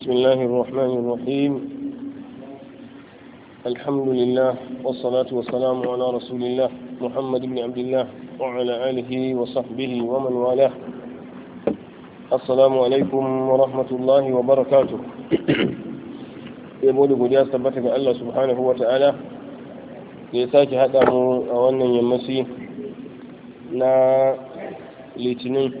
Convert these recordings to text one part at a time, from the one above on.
بسم الله الرحمن الرحيم الحمد لله والصلاة والسلام على رسول الله محمد بن عبد الله وعلى آله وصحبه ومن والاه السلام عليكم ورحمة الله وبركاته يقول قد يثبت الله سبحانه وتعالى ليساك هذا أولا يمسي لا litinin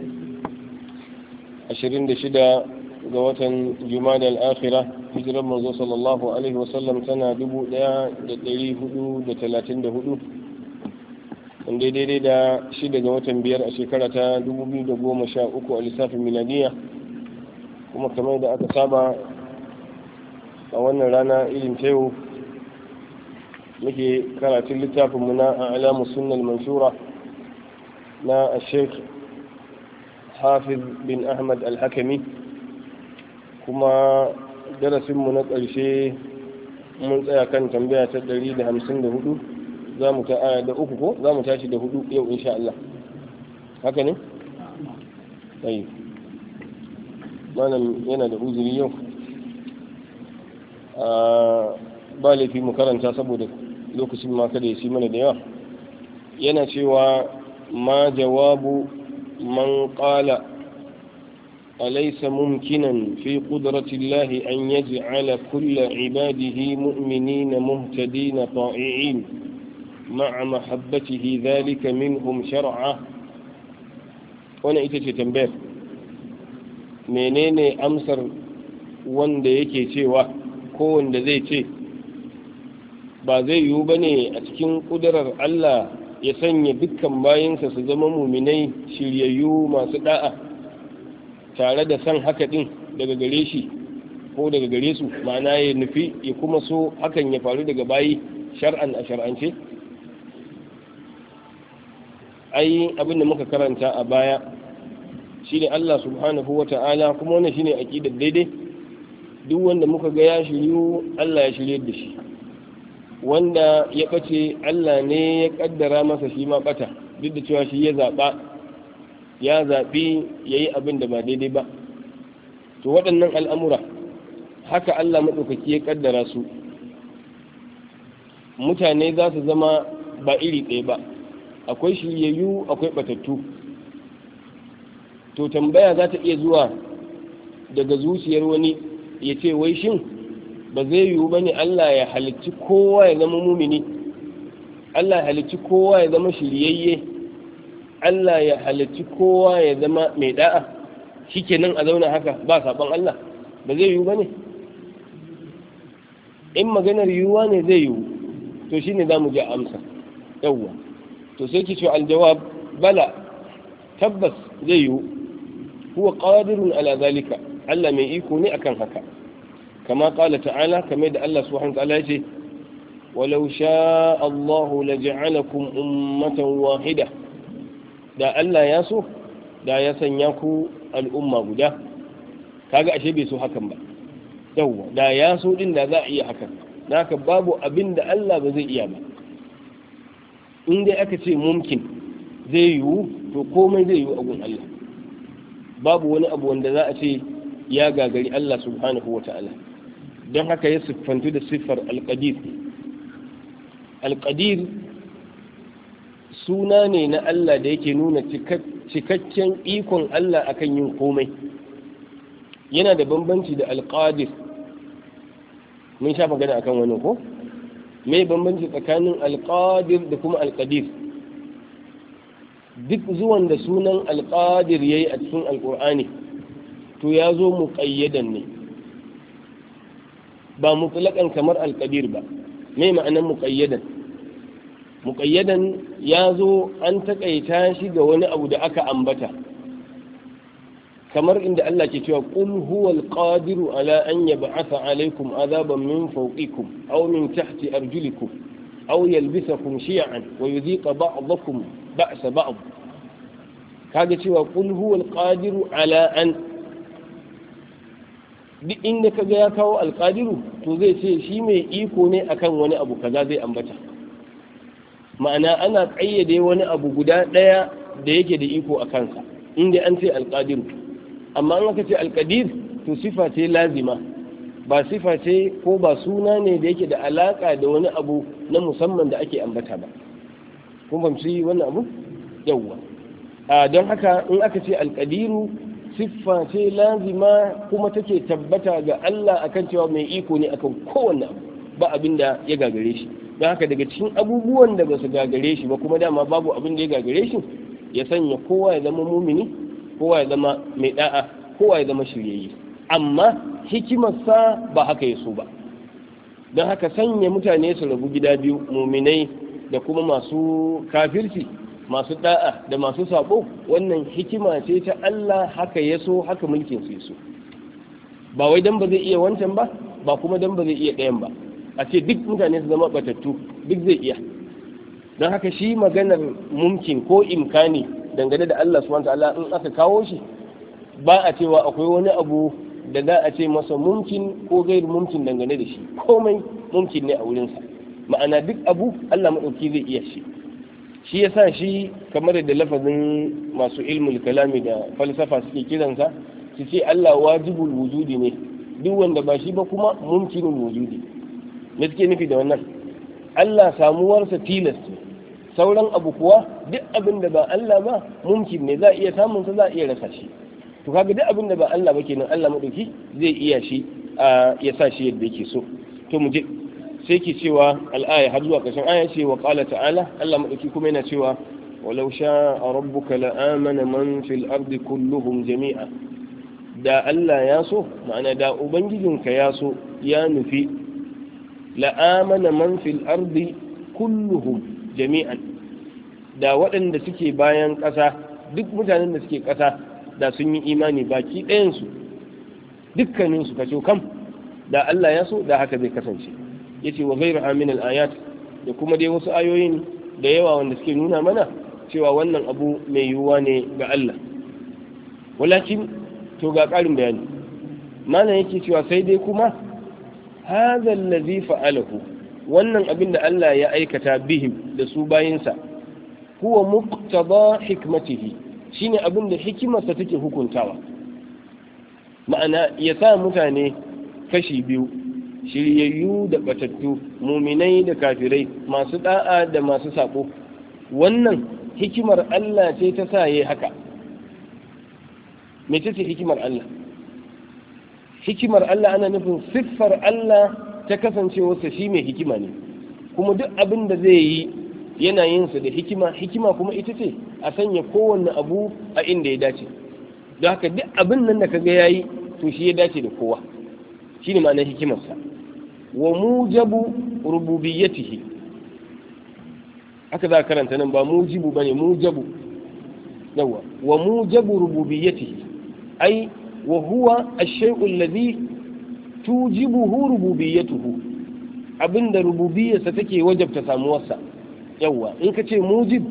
26 ga watan juma'a al-akhira hijiran manzo sallallahu alaihi wasallam tana da da da dubu daya dari hudu talatin hudu wanda daidai da shi daga watan biyar a shekara ta dubu biyu da goma sha uku a lissafin miladiya kuma kamar da aka saba a wannan rana irin ta yau muke karatun littafin muna na alamu sunnal mansura na sheikh hafiz bin ahmad al-hakami kuma darasinmu na ƙarshe mun tsaya kan tambaya ta ɗari da hamsin da hudu za mu ta da uku ko za mu tashi da hudu yau insha Allah haka ne? ayi malam yana da uzuri yau ah, ba laifi mu karanta saboda lokacin ma kada ya ci mana da yawa yana cewa ma jawabu man ƙala. أليس ممكنا في قدرة الله أن يجعل كل عباده مؤمنين مهتدين طائعين مع محبته ذلك منهم شرعا وانا ايتشي تنبير منين أمسر wanda yake cewa ko zai ce ba zai yiwu ba ne a cikin ƙudurar Allah ya sanya dukkan bayansa su zama muminai shiryayyu masu da'a tare da san haka din daga gare shi ko daga gare su ma'ana ya nufi ya kuma so hakan ya faru daga bayi shar'an a shar'ance ai abin da muka karanta a baya shi ne Allah subhanahu wa ta'ala kuma wannan a aqidar daidai duk wanda muka ga ya shiryu Allah ya shirye da shi wanda ya ɓace Allah ne ya ƙaddara masa shi ma ɓata duk da cewa shi ya zaɓa. ya zaɓi ya yi abin da ba daidai ba to waɗannan al'amura haka Allah maɗaukaki ya ƙaddara su mutane za su zama ba iri ɗaya ba akwai shiryayyu akwai ɓatattu to tambaya za ta iya zuwa daga zuciyar wani ya ce wai shin ba zai yiwu ba ne Allah ya halicci kowa ya zama mumini Allah ya halicci kowa ya zama shiryayye Allah ya halicci kowa ya zama mai da'a shikenan a zauna haka ba sabon Allah ba zai yiwu bane in maganar yiwuwa ne zai yiwu to shine za mu je amsa yawa to sai ki ce aljawab bala tabbas zai yiwu huwa qadirun ala zalika Allah mai iko ne akan haka kama qala ta'ala kamar da Allah subhanahu wa ta'ala yace ولو شاء الله لجعلكم أمة واحدة da Allah ya so da ya sanya ku al'umma guda kaga ashe bai so hakan ba yawwa da ya so din da za a iya hakan naka babu abin da Allah ba zai iya ba in dai aka ce mumkin zai yiwu to komai zai yiwu a gun Allah babu wani abu wanda za a ce ya gagari Allah subhanahu wa ta'ala don haka ya siffantu da siffar alƙadir alƙadir suna ne na Allah da yake nuna cikakken ikon Allah akan yin komai yana da bambanci da alƙadir mun sha magana akan wani ko mai bambanci tsakanin alƙadir da kuma alƙadir duk zuwan da sunan alƙadir ya yi a cikin alƙur'ani to ya zo mu ƙayyadan ne ba mutlaƙan kamar alƙadir ba mai ma'anan mu ƙayyadan muƙayyadan ya zo an taƙaita shi ga wani abu da aka ambata kamar inda Allah ke cewa qul huwal qadiru ala an yab'atha alaykum azaban min fawqikum aw min tahti arjulikum aw yalbisakum shi'an wa yudhiqa ba'dakum ba'sa ba'd kaga cewa qul huwal qadiru ala an duk inda kaga ya kawo alqadiru to zai ce shi mai iko ne akan wani abu kaza zai ambata ma'ana ana ƙayyade wani abu guda ɗaya da yake da iko a kansa inda an ce alƙadir amma an aka ce alƙadir to sifa ce lazima ba sifa ce ko ba suna ne da yake da alaƙa da wani abu na musamman da ake ambata ba kun fahimci wannan abu yawwa a don haka in aka ce alƙadiru siffa ce lazima kuma take tabbata ga Allah akan cewa mai iko ne akan kowanne ba abinda ya gagare shi don haka daga cikin abubuwan da basu gagare shi ba kuma dama babu abin da ya gagare shi ya sanya kowa ya zama mumini kowa ya zama mai da'a kowa ya zama shiryayye amma hikimarsa ba haka ya so ba don haka sanya mutane su rabu gida biyu muminai da kuma masu kafirci masu da'a da masu sabo wannan hikima ce ta Allah haka ya so haka mulkin su ya so ba wai dan ba zai iya wancan ba ba kuma dan ba zai iya ɗayan ba a ce duk mutane su zama batattu duk zai iya don haka shi maganar mumkin ko imkani dangane da Allah wanta ta'ala in aka kawo shi ba a cewa akwai wani abu da za a ce masa mumkin ko gair mumkin dangane da shi komai mumkin ne a wurinsa ma'ana duk abu Allah maɗauki zai iya shi shi yasa shi kamar da lafazin masu ilmul kalami da falsafa suke kiransa su ce Allah wajibul wujudi ne duk wanda ba shi ba kuma mumkinul wujudi me suke nufi da wannan Allah samuwarsa tilas sauran abu kuwa duk abin da ba Allah ba mumkin ne za a iya samun sa za a iya rasa shi to kaga duk abin da ba Allah ba kenan Allah madauki zai iya shi ya sa shi yadda yake so to mu je sai ke cewa al'aya har zuwa ƙarshen aya ce wa ƙala ta'ala Allah madauki kuma yana cewa walau sha a rabbuka la'amana man fil ardi kulluhum jami'a da Allah ya so ma'ana da ubangijinka ya so ya nufi la'amana man fil ardi kulluhum jami'an da waɗanda suke bayan ƙasa duk mutanen da suke ƙasa da sun yi imani baki ɗayansu dukkaninsu kaso kam da Allah ya so da haka zai kasance yace wa ghayru amin al ayat da kuma dai wasu ayoyin da yawa wanda suke nuna mana cewa wannan abu mai yiwuwa ne ga Allah walakin to ga ƙarin bayani mana yake cewa sai dai kuma هذا الذي فعله wannan abin da Allah ya aikata bihim da su bayinsa huwa muqtada hikmatihi shine abin da hikimarsa take hukuntawa ma'ana ya sa mutane kashi biyu shiryayyu da batattu muminai da kafirai masu da'a da masu sako wannan hikimar Allah ce ta sa yi haka Me ce hikimar Allah hikimar Allah ana nufin siffar Allah ta kasancewarsa shi mai hikima ne kuma duk abin da zai yi yana yin su da hikima hikima kuma ita ce a sanya kowanne abu a inda ya dace don haka duk abin nan da kaga yayi to shi ya dace da kowa shine ma'anar hikimarsa wa mujabu rububiyyatihi haka za karanta nan ba mujibu bane mujabu yawa wa mujabu rububiyyatihi ai wa huwa ash-shay'u alladhi tujibuhu rububiyyatuhu abinda rububiyyarsa take wajabta samuwarsa yawa in ka ce mujib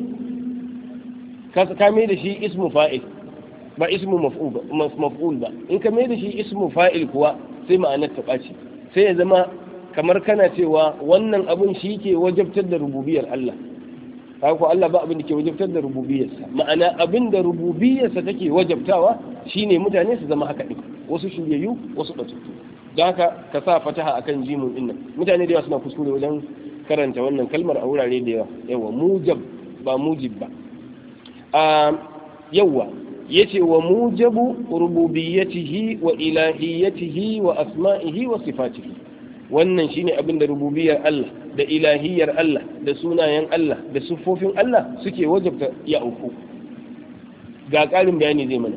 ka ka mai da shi ismu fa'il ba ismu maf'ul ba in ka mai da shi ismu fa'il kuwa sai ma'anar ta ɓaci sai ya zama kamar kana cewa wannan abun shi ke wajabtar da rububiyar Allah ta ko Allah ba abin da ke wajabtar da rububiyarsa ma'ana abin da rububiyarsa take wajabtawa shine mutane su zama haka din wasu shiryayyu wasu batutu don haka ka sa fataha akan jimin din nan mutane da yawa suna kuskure wajen karanta wannan kalmar a wurare da yawa yawa mujab ba mujib ba yawa yace wa mujabu rububiyatihi wa ilahiyatihi wa asma'ihi wa sifatihi wannan shine abin da rububiyar Allah da ilahiyar Allah da sunayen Allah da siffofin Allah suke wajabta ya auku ga ƙarin bayani zai mana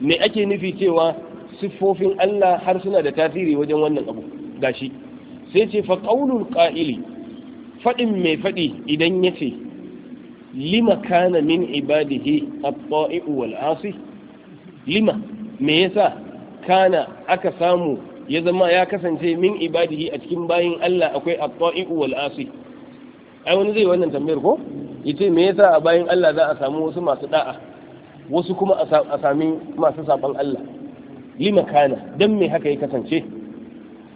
me ake nufi cewa siffofin Allah har suna da tasiri wajen wannan abu gashi sai ce fa qaulul qa'ili fadin mai fadi idan yace lima kana min ibadihi at tai wal 'asi lima me yasa kana aka samu ya zama ya kasance min ibadihi a cikin bayin Allah akwai at-ta'i'u wal asi ai wani zai wannan tambayar ko yace me yasa a bayin Allah za a samu wasu masu da'a wasu kuma a sami masu saban Allah lima kana dan me haka ya kasance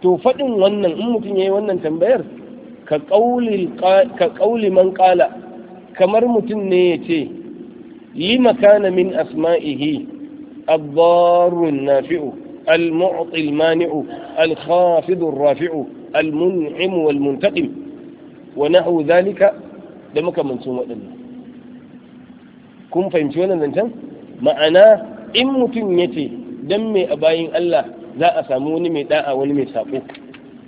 to fadin wannan in mutum yayi wannan tambayar ka qauli ka qauli man qala kamar mutum ne yace lima kana min asma'ihi ad-darun nafi'u المعطي المانع الخافض الرافع المنعم والمنتقم ونحو ذلك da makamancin waɗannan kun fahimci wannan zancen ma'ana in mutum ya ce don mai a bayin Allah za a samu wani mai da'a wani mai saƙo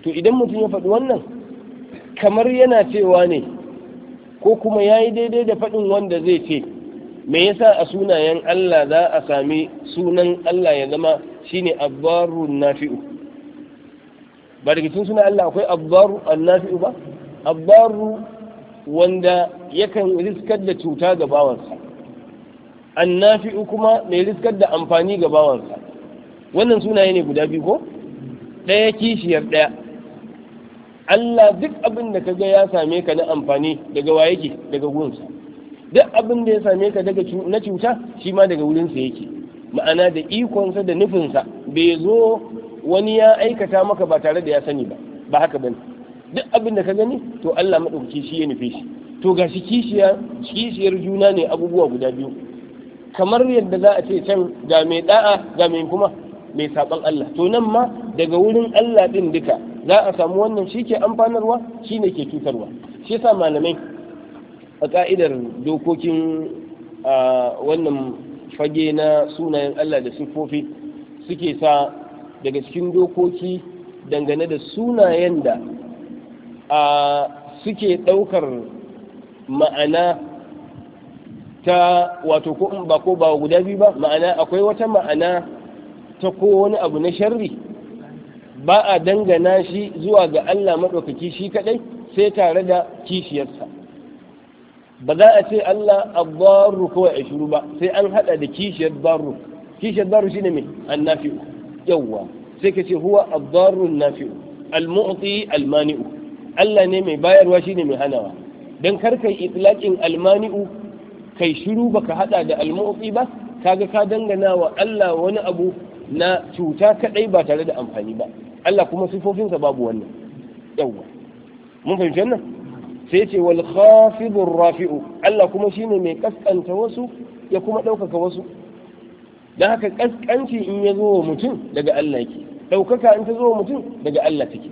to idan mutum ya faɗi wannan kamar yana cewa ne ko kuma ya yi daidai da faɗin wanda zai ce me yasa a sunayen Allah za a sami sunan Allah ya zama shine abbaru nafi'u ba da cikin suna Allah akwai abbaru nafi'u ba abbaru wanda yakan riskar da cuta ga bawansa annafi'u kuma mai riskar da amfani ga bawansa wannan sunaye ne guda biyu ko ɗaya kishiyar ɗaya Allah duk abin da kaga ya same ka na amfani daga waye yake daga gunsa duk abin da ya same ka daga na cuta shi ma daga wurinsa yake ma'ana da ikonsa da nufinsa bai zo wani ya aikata maka ba tare da ya sani ba ba haka bane duk abin da ka gani to Allah madauki shi ya nufe shi to ga shi kishiyar juna ne abubuwa guda biyu kamar yadda za a ce can ga mai da'a ga mai kuma mai saɓan Allah to nan ma daga wurin Allah ɗin duka za a samu wannan shi ke amfanarwa shi ne ke cutarwa shi yasa malamai a ka'idar dokokin wannan fage na sunayen Allah da siffofi suke sa daga cikin dokoki dangane da sunayen da a suke ɗaukar ma'ana ta wato ko in ba ko ba guda biyu ba ma'ana akwai wata ma'ana ta ko wani abu na sharri ba a dangana shi zuwa ga Allah maɗaukaki shi kaɗai sai tare da kishiyarsa ba za a ce Allah abbaru kawai a shuru ba sai an hada da kishiyar barru kishiyar barru shine me annafi'u Yauwa sai ka ce huwa abbaru nafi'u almu'ti almani'u Allah ne mai bayarwa shine mai hanawa dan kar kai itlaqin almani'u kai shiru baka hada da almu'ti ba kaga ka dangana wa Allah wani abu na cuta kadai ba tare da amfani ba Allah kuma sifofinsa babu wannan Yauwa mun fahimci wannan sai ce wal khafidur rafi'u Allah kuma shine mai kaskanta wasu ya kuma ɗaukaka wasu dan haka kaskanci in ya zo wa mutum daga Allah yake ɗaukaka in ta zo wa mutum daga Allah take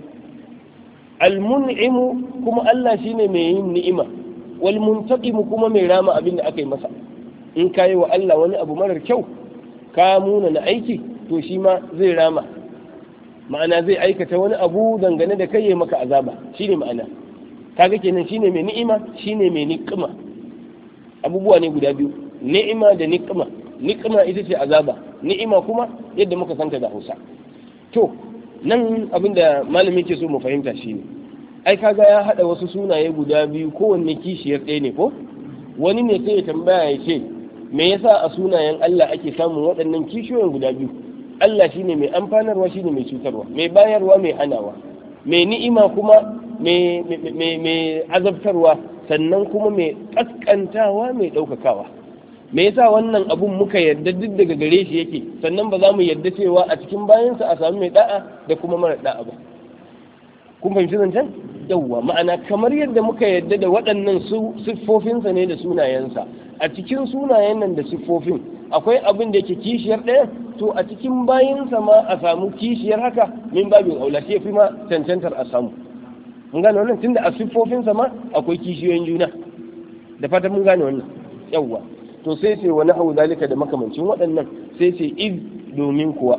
al mun'imu kuma Allah shine mai yin ni'ima wal muntaqimu kuma mai rama abin da aka yi masa in kayi wa Allah wani abu marar kyau ka muna na aiki to shi ma zai rama ma'ana zai aikata wani abu dangane da kai ya maka azaba shine ma'ana kaga kenan shine mai ni'ima shine mai niqima abubuwa ne guda biyu ni'ima da niqima niqima ita ce azaba ni'ima kuma yadda muka santa da Hausa to nan abin abinda malami ke so mu fahimta shine ai kaga ya hada wasu sunaye guda biyu kowanne kishiyar ɗaya ne ko wani ne sai ya tambaya ya ce me yasa a sunayen Allah ake samun waɗannan kishiyoyin guda biyu Allah shine mai amfanarwa shine mai cutarwa mai bayarwa mai hanawa mai ni'ima kuma mai azabtarwa sannan kuma mai kaskantawa mai ɗaukakawa me yasa wannan abun muka yarda duk daga gare shi yake sannan ba za mu yarda cewa a cikin bayansa a sami mai da'a da kuma mara da'a ba kun fahimci zancen yawwa ma'ana kamar yadda muka yarda da waɗannan siffofinsa ne da sunayensa a cikin sunayen nan da siffofin akwai abin da yake kishiyar ɗaya to a cikin bayansa ma a samu kishiyar haka min babin aula fi ma cancantar a samu mun gane wannan tunda a siffofin sama akwai kishiyoyin juna da fatan mun gane wannan yawwa to sai sai wani hau zalika da makamancin waɗannan sai sai id domin kuwa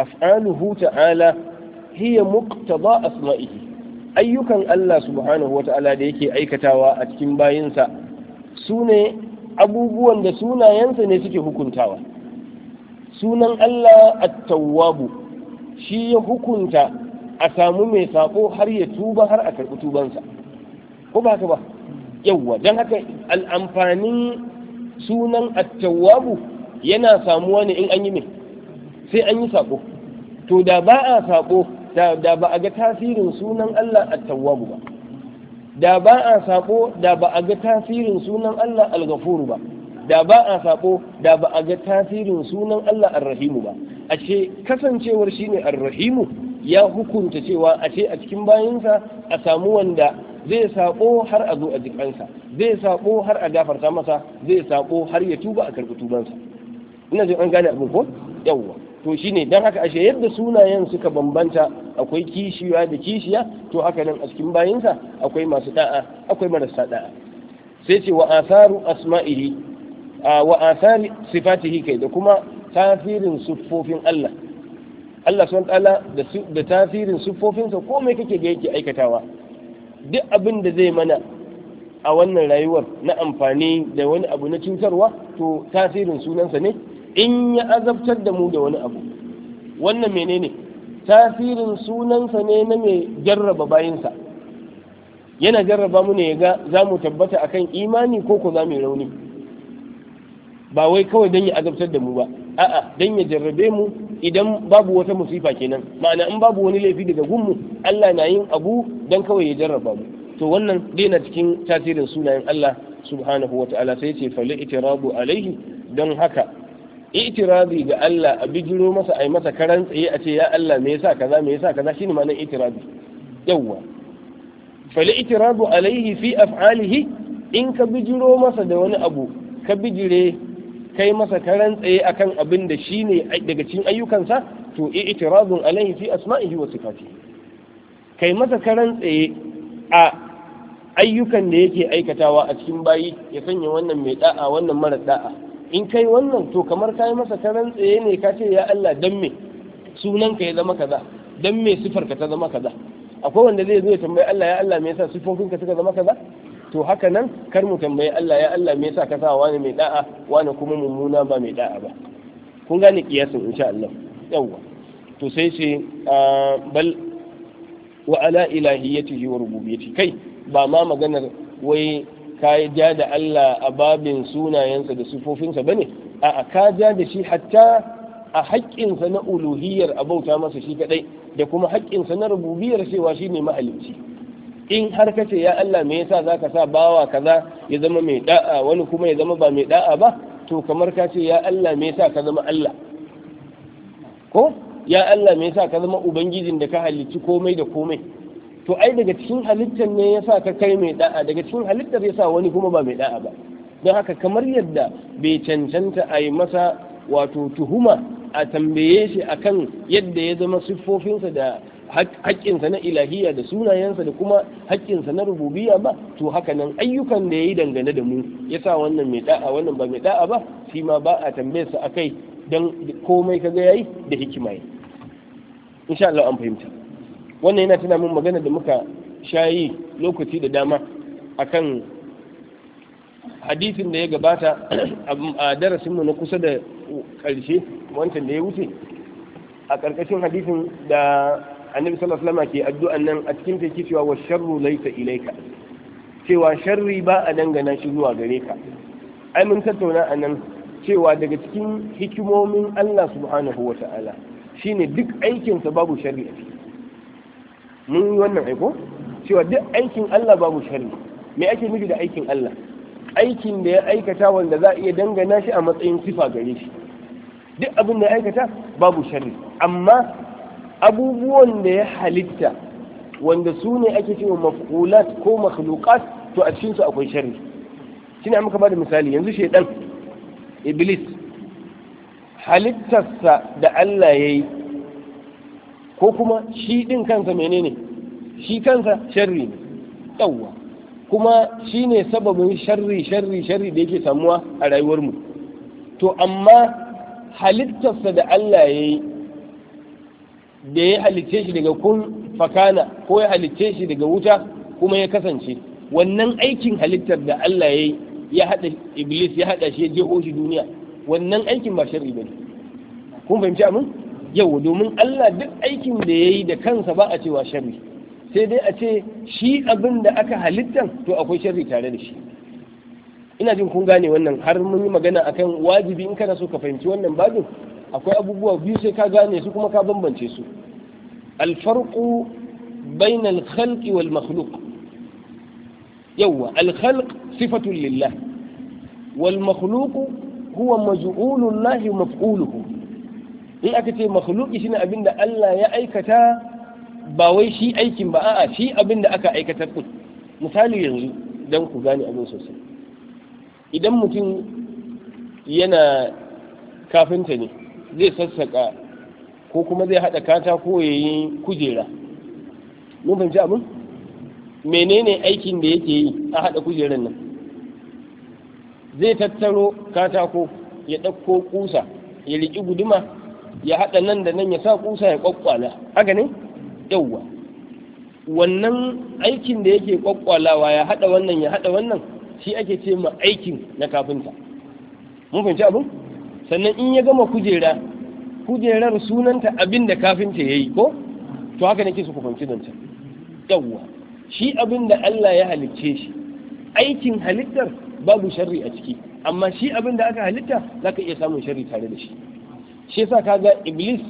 af'aluhu ta'ala hiya muqtada asma'ihi ayyukan Allah subhanahu wata'ala da yake aikatawa a cikin bayinsa su ne abubuwan da sunayensa ne suke hukuntawa sunan Allah at-tawwabu shi ya hukunta a samu mai saƙo har ya tuba har a karɓi tubansa ko ba ka ba yawwa don haka al'amfanin sunan attawabu yana samuwa ne in an yi mai sai an yi sako to da ba a sako da ba a ga tasirin sunan Allah attawabu ba da ba a sako da ba a ga tasirin sunan Allah algafuru ba da ba a sako da ba a ga tasirin sunan Allah Arrahimu ba a ce kasancewar shine Arrahimu? ya hukunta cewa a ce a cikin bayansa a samu wanda zai saƙo har a zo a jikansa zai saƙo har a gafarta masa zai saƙo har ya tuba a karɓi tubansa ina jin an gane abin ko yawwa to shine dan haka ashe yadda sunayen suka bambanta akwai kishiya da kishiya to haka nan a cikin bayinsa akwai masu da'a akwai marasa da'a sai ce wa asaru asma'ihi wa asari sifatihi kai da kuma tasirin siffofin Allah Allah sun tsala da tasirin siffofinsa mai kake ga yake aikatawa duk abin da zai mana a wannan rayuwar na amfani da wani abu na cutarwa to tasirin sunansa ne in ya azabtar da mu da wani abu wannan menene tasirin sunansa ne na mai jarraba bayinsa yana jarraba mu ne ga za mu tabbata akan imani ko ko za mu rauni ba wai kawai don ya azabtar da mu ba a'a dan ya jarrabe mu idan babu wata musifa kenan ma'ana in babu wani laifi daga gunmu Allah na yin abu dan kawai ya jarraba mu to wannan dai na cikin tasirin sunayen Allah subhanahu ta'ala sai ce fali itirabu alaihi don haka itirabi ga Allah a bijiro masa ai masa karan tsaye a ce ya Allah me yasa kaza me yasa kaza shine ma'anar itirabi yawa fali itirabu alaihi fi af'alihi in ka bijiro masa da wani abu ka bijire kai masa karan tsaye akan abin da shi ne daga cikin ayyukansa to i'tirazun alaihi fi asma'ihi wa sifatihi kai masa karan tsaye a ayyukan da yake aikatawa a cikin bayi ya sanya wannan mai da'a wannan mara da'a in kai wannan to kamar ka yi masa karan tsaye ne ka ce ya Allah dan me sunanka ya zama kaza dan me sifarka ta zama kaza akwai wanda zai zo ya tambayi Allah ya Allah me yasa sifofinka suka zama kaza to haka nan kar mu tambayi Allah ya Allah me yasa ka sa wani mai da'a wani kuma mummuna ba mai da'a ba kun gane kiyasin insha Allah yawwa to sai ce bal wa ala ilahiyatihi wa rububiyyati kai ba ma maganar wai ka ja da Allah a babin sunayensa da sifofinsa ba ne? a'a ka ja da shi hatta a haƙƙinsa na uluhiyar abauta masa shi kadai da kuma haƙƙinsa na rububiyar cewa ne mahalicci in har ka ce ya Allah me yasa zaka sa bawa kaza ya zama mai da'a wani kuma ya zama ba mai da'a ba to kamar ka ce ya Allah me yasa ka zama Allah ko ya Allah me yasa ka zama ubangijin da ka halicci komai da komai to ai daga cikin halittar ne yasa ka kai mai da'a daga cikin halittar yasa wani kuma ba mai da'a ba don haka kamar yadda bai cancanta a yi masa wato tuhuma a tambaye shi akan yadda ya zama siffofinsa da haƙƙinsa na ilahiyya da sunayensa da kuma haƙƙinsa na rububiyya ba to haka nan ayyukan da ya yi dangane da mu ya sa wannan mai da'a wannan ba mai da'a ba shi ma ba a tambayar sa akai dan komai kaga yayi da hikima yi insha Allah an fahimta wannan yana tana min magana da muka shayi lokaci da dama akan hadisin da ya gabata a darasin mu na kusa da ƙarshe wancan da ya wuce a ƙarƙashin hadisin da annabi sallallahu alaihi wasallam ke addu'an nan a cikin take cewa wa sharru laysa ilayka cewa sharri ba a dangana shi zuwa gare ka ai mun tattauna a nan cewa daga cikin hikimomin Allah subhanahu wa ta'ala shine duk aikinsa babu sharri a ciki mun yi wannan aiko cewa duk aikin Allah babu sharri me ake nufi da aikin Allah aikin da ya aikata wanda za a iya dangana shi a matsayin sifa gare shi duk abin da ya aikata babu sharri amma abubuwan da ya halitta wanda su ne ake cewa maf'ulat ko makhluqat to a cikinsu su akwai sharri shine muka da misali yanzu shaidan iblis halittarsa da Allah ya yi ko kuma shi din kansa menene shi kansa shari ne yawwa kuma shi ne sababin shari shari shari da yake samuwa a rayuwarmu to amma halittarsa da Allah ya yi. da ya halicce shi daga kun fakana ko ya halicce shi daga wuta kuma ya kasance wannan aikin halittar da Allah ya yi haɗa iblis ya haɗa shi ya jeho shi duniya wannan aikin ba sharri bane kun fahimci amin yau domin Allah duk aikin da ya yi da kansa ba a cewa sharri sai dai a ce shi abin da aka halittan to akwai sharri tare da shi ina jin kun gane wannan har mun yi magana akan wajibi in kana so ka fahimci wannan babin akwai abubuwa biyu sai ka gane su kuma ka bambance su alfarku bain alkhalki wal makhluk yawa alkhalq sifatu lillah wal makhluq huwa maj'ulullahi Allah maf'uluhu in aka ce makluƙi shine abinda Allah ya aikata ba wai shi aikin ba a'a shi abinda aka aikata ku misali yanzu dan ku gane abin sosai idan mutum yana kafinta ne zai sassaƙa ko kuma zai haɗa katako ya yi kujera mun fahimci abin menene aikin da yake yi a haɗa kujerar nan zai tattaro katako ya ɗauko kusa ya riƙi guduma ya haɗa nan da nan ya sa kusa ya ƙwaƙwala haka ne yawwa. wannan aikin da yake ƙwaƙwalawa ya haɗa wannan ya haɗa wannan shi ake ce ma aikin na kafinta mun fahimci abin sannan in ya gama kujera kujerar sunanta abin da kafinta ya yi ko to haka nake su kufanci fahimci yawwa shi abin da Allah ya halicce shi aikin halittar babu sharri a ciki amma shi abin da aka halitta za ka iya samun sharri tare da shi shi ka ga iblis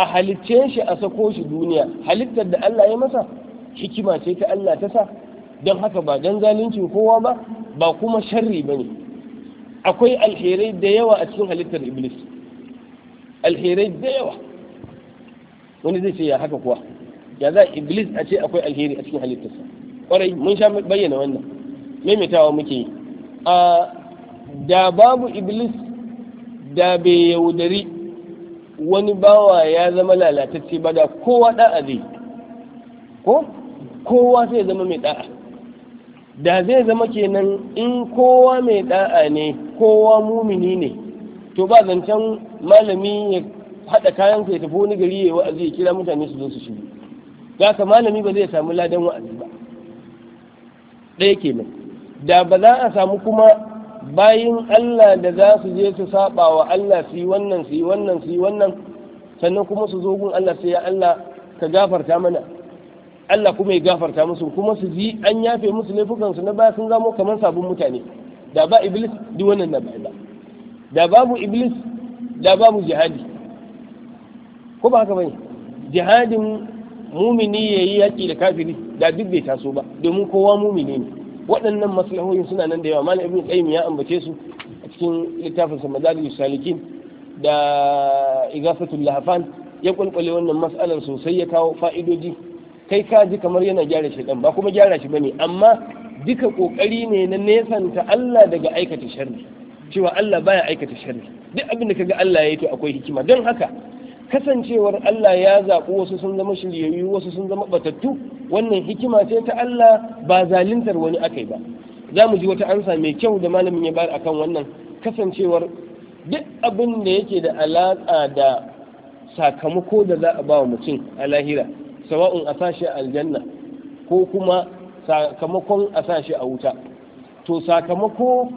a halicce shi a sako shi duniya halittar da Allah ya masa hikima ce ta Allah ta sa don haka ba dan zalunci kowa ba ba kuma sharri bane akwai alherai da yawa a cikin halittar iblis alherai da yawa wani zai ce ya haka kuwa ya za iblis a ce akwai alheri a cikin halittarsa kwarai mun sha bayyana wannan maimaitawa muke yi a da babu iblis da bai yaudari wani bawa ya zama lalatacce ba da kowa da'a zai ko kowa sai zama mai da'a da zai zama kenan in kowa mai da'a ne kowa mumini ne to ba zancen malami ya haɗa kayan ya tafi wani gari ya wa'azi ya kira mutane su zo su shigo ga ka malami ba zai samu ladan wa'azi ba ɗaya kenan da ba za a samu kuma bayin Allah da za su je su saba wa Allah su yi wannan su yi wannan su yi wannan sannan kuma su zo gun Allah sai ya Allah ka gafarta mana Allah kuma ya gafarta musu kuma su ji an yafe musu laifukan su na baya sun zamo kamar sabon mutane da ba iblis duk wannan na ba da babu iblis da babu jihadi ko ba haka bane jihadin mumini yayi yaki da kafiri da duk bai taso ba domin kowa mumini ne waɗannan maslahohin suna nan da yawa malam ibnu qayyim ya ambace su a cikin littafin sa madarijus salikin da igafatul lahafan ya kulkule wannan mas'alar sosai ya kawo fa'idoji kai ka ji kamar yana gyara shaidan ba kuma gyara shi ba ne. amma duka kokari ne na nesanta Allah daga aikata sharri cewa Allah baya aikata sharri duk abin da kaga Allah yayi to akwai hikima don haka kasancewar Allah ya zaɓi wasu sun zama shiryayyu wasu sun zama batattu wannan hikima ce ta Allah ba zalintar wani akai ba za mu ji wata amsa mai kyau da malamin ya bayar akan wannan kasancewar duk abin da yake da alaƙa da sakamako da za a ba wa mutum a lahira sawa'un a tashi aljanna ko kuma sakamakon a tashi a wuta to sakamako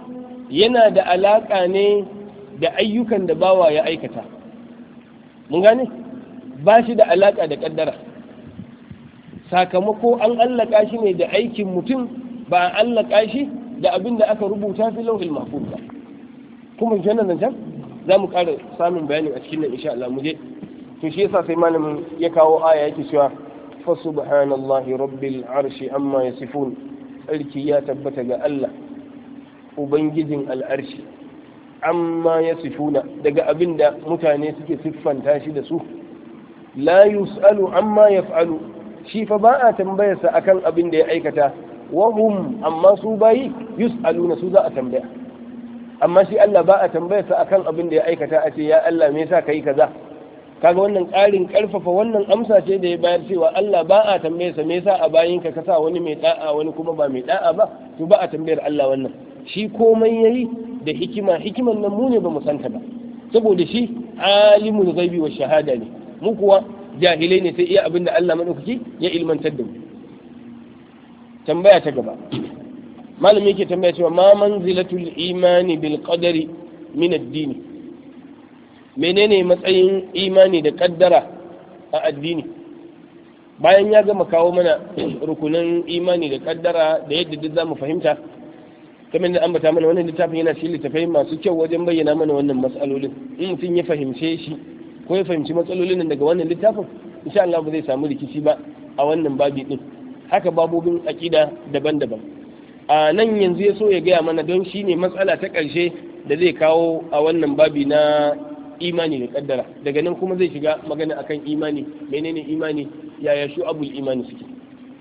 yana da alaƙa ne da ayyukan da bawa ya aikata mun gane ba shi da alaƙa da ƙaddara sakamako an allaka shi ne da aikin mutum ba an allaka shi da abin da aka rubuta fi lauhin mahfuz ba kuma jannan nan za mu ƙara samun bayani a cikin nan insha Allah mu je to shi yasa sai malamin ya kawo aya yake cewa fa subhanallahi rabbil arshi amma yasifun alki ya tabbata ga Allah ubangijin al'arshi amma yasifuna daga abin da mutane suke siffanta shi da su la yus'alu amma yaf'alu shi fa ba a tambayarsa akan abin da ya aikata wa hum amma su bayi yus'aluna su za a tambaya amma shi Allah ba a tambayarsa akan abin da ya aikata a ce ya Allah me yasa kai kaza kaga wannan ƙarin ƙarfafa wannan amsa ce da ya bayar cewa Allah ba a tambaye sa me yasa a bayin ka kasa wani mai da'a wani kuma ba mai da'a ba to ba a tambayar Allah wannan shi komai yayi da hikima hikiman nan mu ne ba mu santa ba saboda shi alimul ghaibi wa shahada ne mu kuwa jahilai ne sai iya abin da Allah madaukaki ya ilmantar da mu tambaya ta gaba malami yake tambaya cewa ma manzilatul imani bil qadari min ad-dini menene matsayin imani da kaddara a addini bayan ya gama kawo mana rukunan imani da kaddara da yadda duk mu fahimta kamar da ambata mana wannan littafin yana cikin littafai masu kyau wajen bayyana mana wannan matsalolin in mutum ya fahimce shi ko ya fahimci matsalolin daga wannan littafin insha Allah ba zai samu rikici ba a wannan babi din haka babobin akida daban-daban a nan yanzu ya so ya gaya mana don shi ne matsala ta ƙarshe da zai kawo a wannan babi na imani da kaddara daga nan kuma zai shiga magana akan imani menene imani yaya shu abul imani suke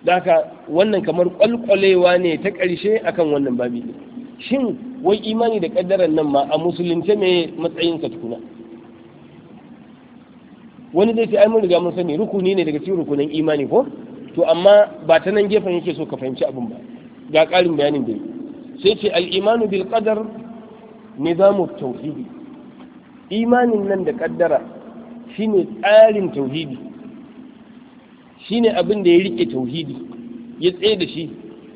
daga wannan kamar kwalkwalewa ne ta ƙarshe akan wannan babi shin wai imani da kaddaran nan ma a musulunce me matsayin ka tukuna wani zai ce ai mun riga mun sani rukuni ne daga cikin rukunin imani ko to amma ba ta nan gefen yake so ka fahimci abin ba ga ƙarin bayanin da sai ce al-imanu bil qadar nizamu tauhidi imanin nan da kaddara shine tsarin tauhidi shine abin da ya rike tauhidi ya tsaye da shi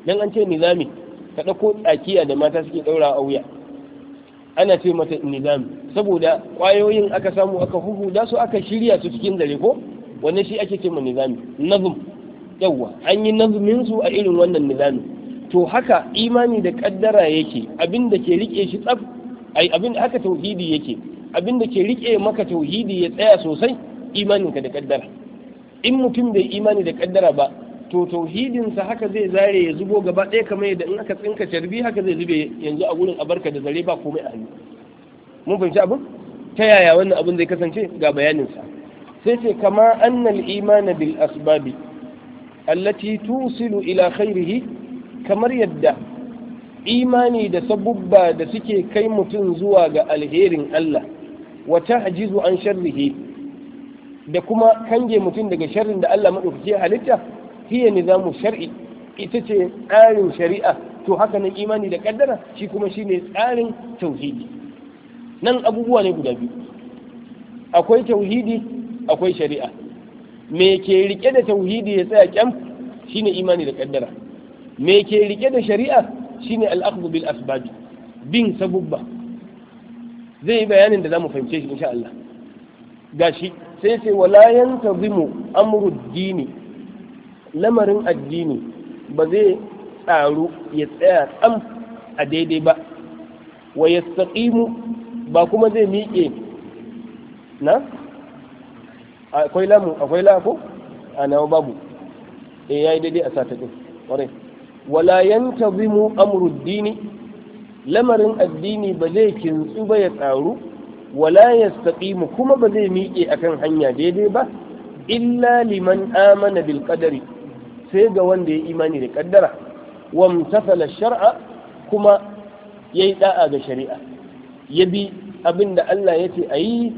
dan an ce nizami ka ɗauko tsakiya da mata suke ɗaura a wuya ana ce mata nizami saboda ƙwayoyin aka samu aka huhu da su aka shirya su cikin dare ko wannan shi ake ce ma nizami nazum yawwa an yi nazumin su a irin wannan nizami to haka imani da kaddara yake abin da ke rike shi tsaf ai abin haka tauhidi yake abin da ke rike maka tauhidi ya tsaya sosai imaninka da kaddara in mutum bai imani da kaddara ba to tauhidinsa haka zai zare ya zubo gaba ɗaya kamar yadda in aka tsinka carbi haka zai zube yanzu a gurin abarka da zare ba komai a hannu mun fahimci abin ta yaya wannan abin zai kasance ga bayaninsa sai ce kama annal iman bil asbabi allati tusilu ila khairihi kamar yadda imani da sabubba da suke kai mutum zuwa ga alherin Allah wa ta'jizu an sharrihi da kuma kange mutum daga sharrin da Allah madaukake halitta fiye nizamu shar'i ita ce tsarin shari'a to haka nan imani da kaddara shi kuma shine tsarin tauhidi nan abubuwa ne guda biyu akwai tauhidi akwai shari'a me ke rike da tauhidi ya tsaya kyam shine imani da kaddara me ke rike da shari'a shine al-akhdhu bil asbab bin sabubba zai yi bayanin da za mu fahimce shi insha Allah gashi sai sai walayan yantazimu amru dini lamarin addini ba zai tsaru ya tsaya tsam a daidai ba wa yastaqimu ba kuma zai miƙe na akwai lamu akwai lafo a nawa babu eh yayi daidai a sata din wala yantazimu amru dini lamarin addini ba zai kintsu ba ya tsaru wala ya mu kuma ba zai miƙe akan hanya daidai ba illa liman amana bil qadari sai ga wanda ya imani da kaddara wa mutafala shar'a kuma yayi da'a ga shari'a ya bi abinda Allah ya ce ayi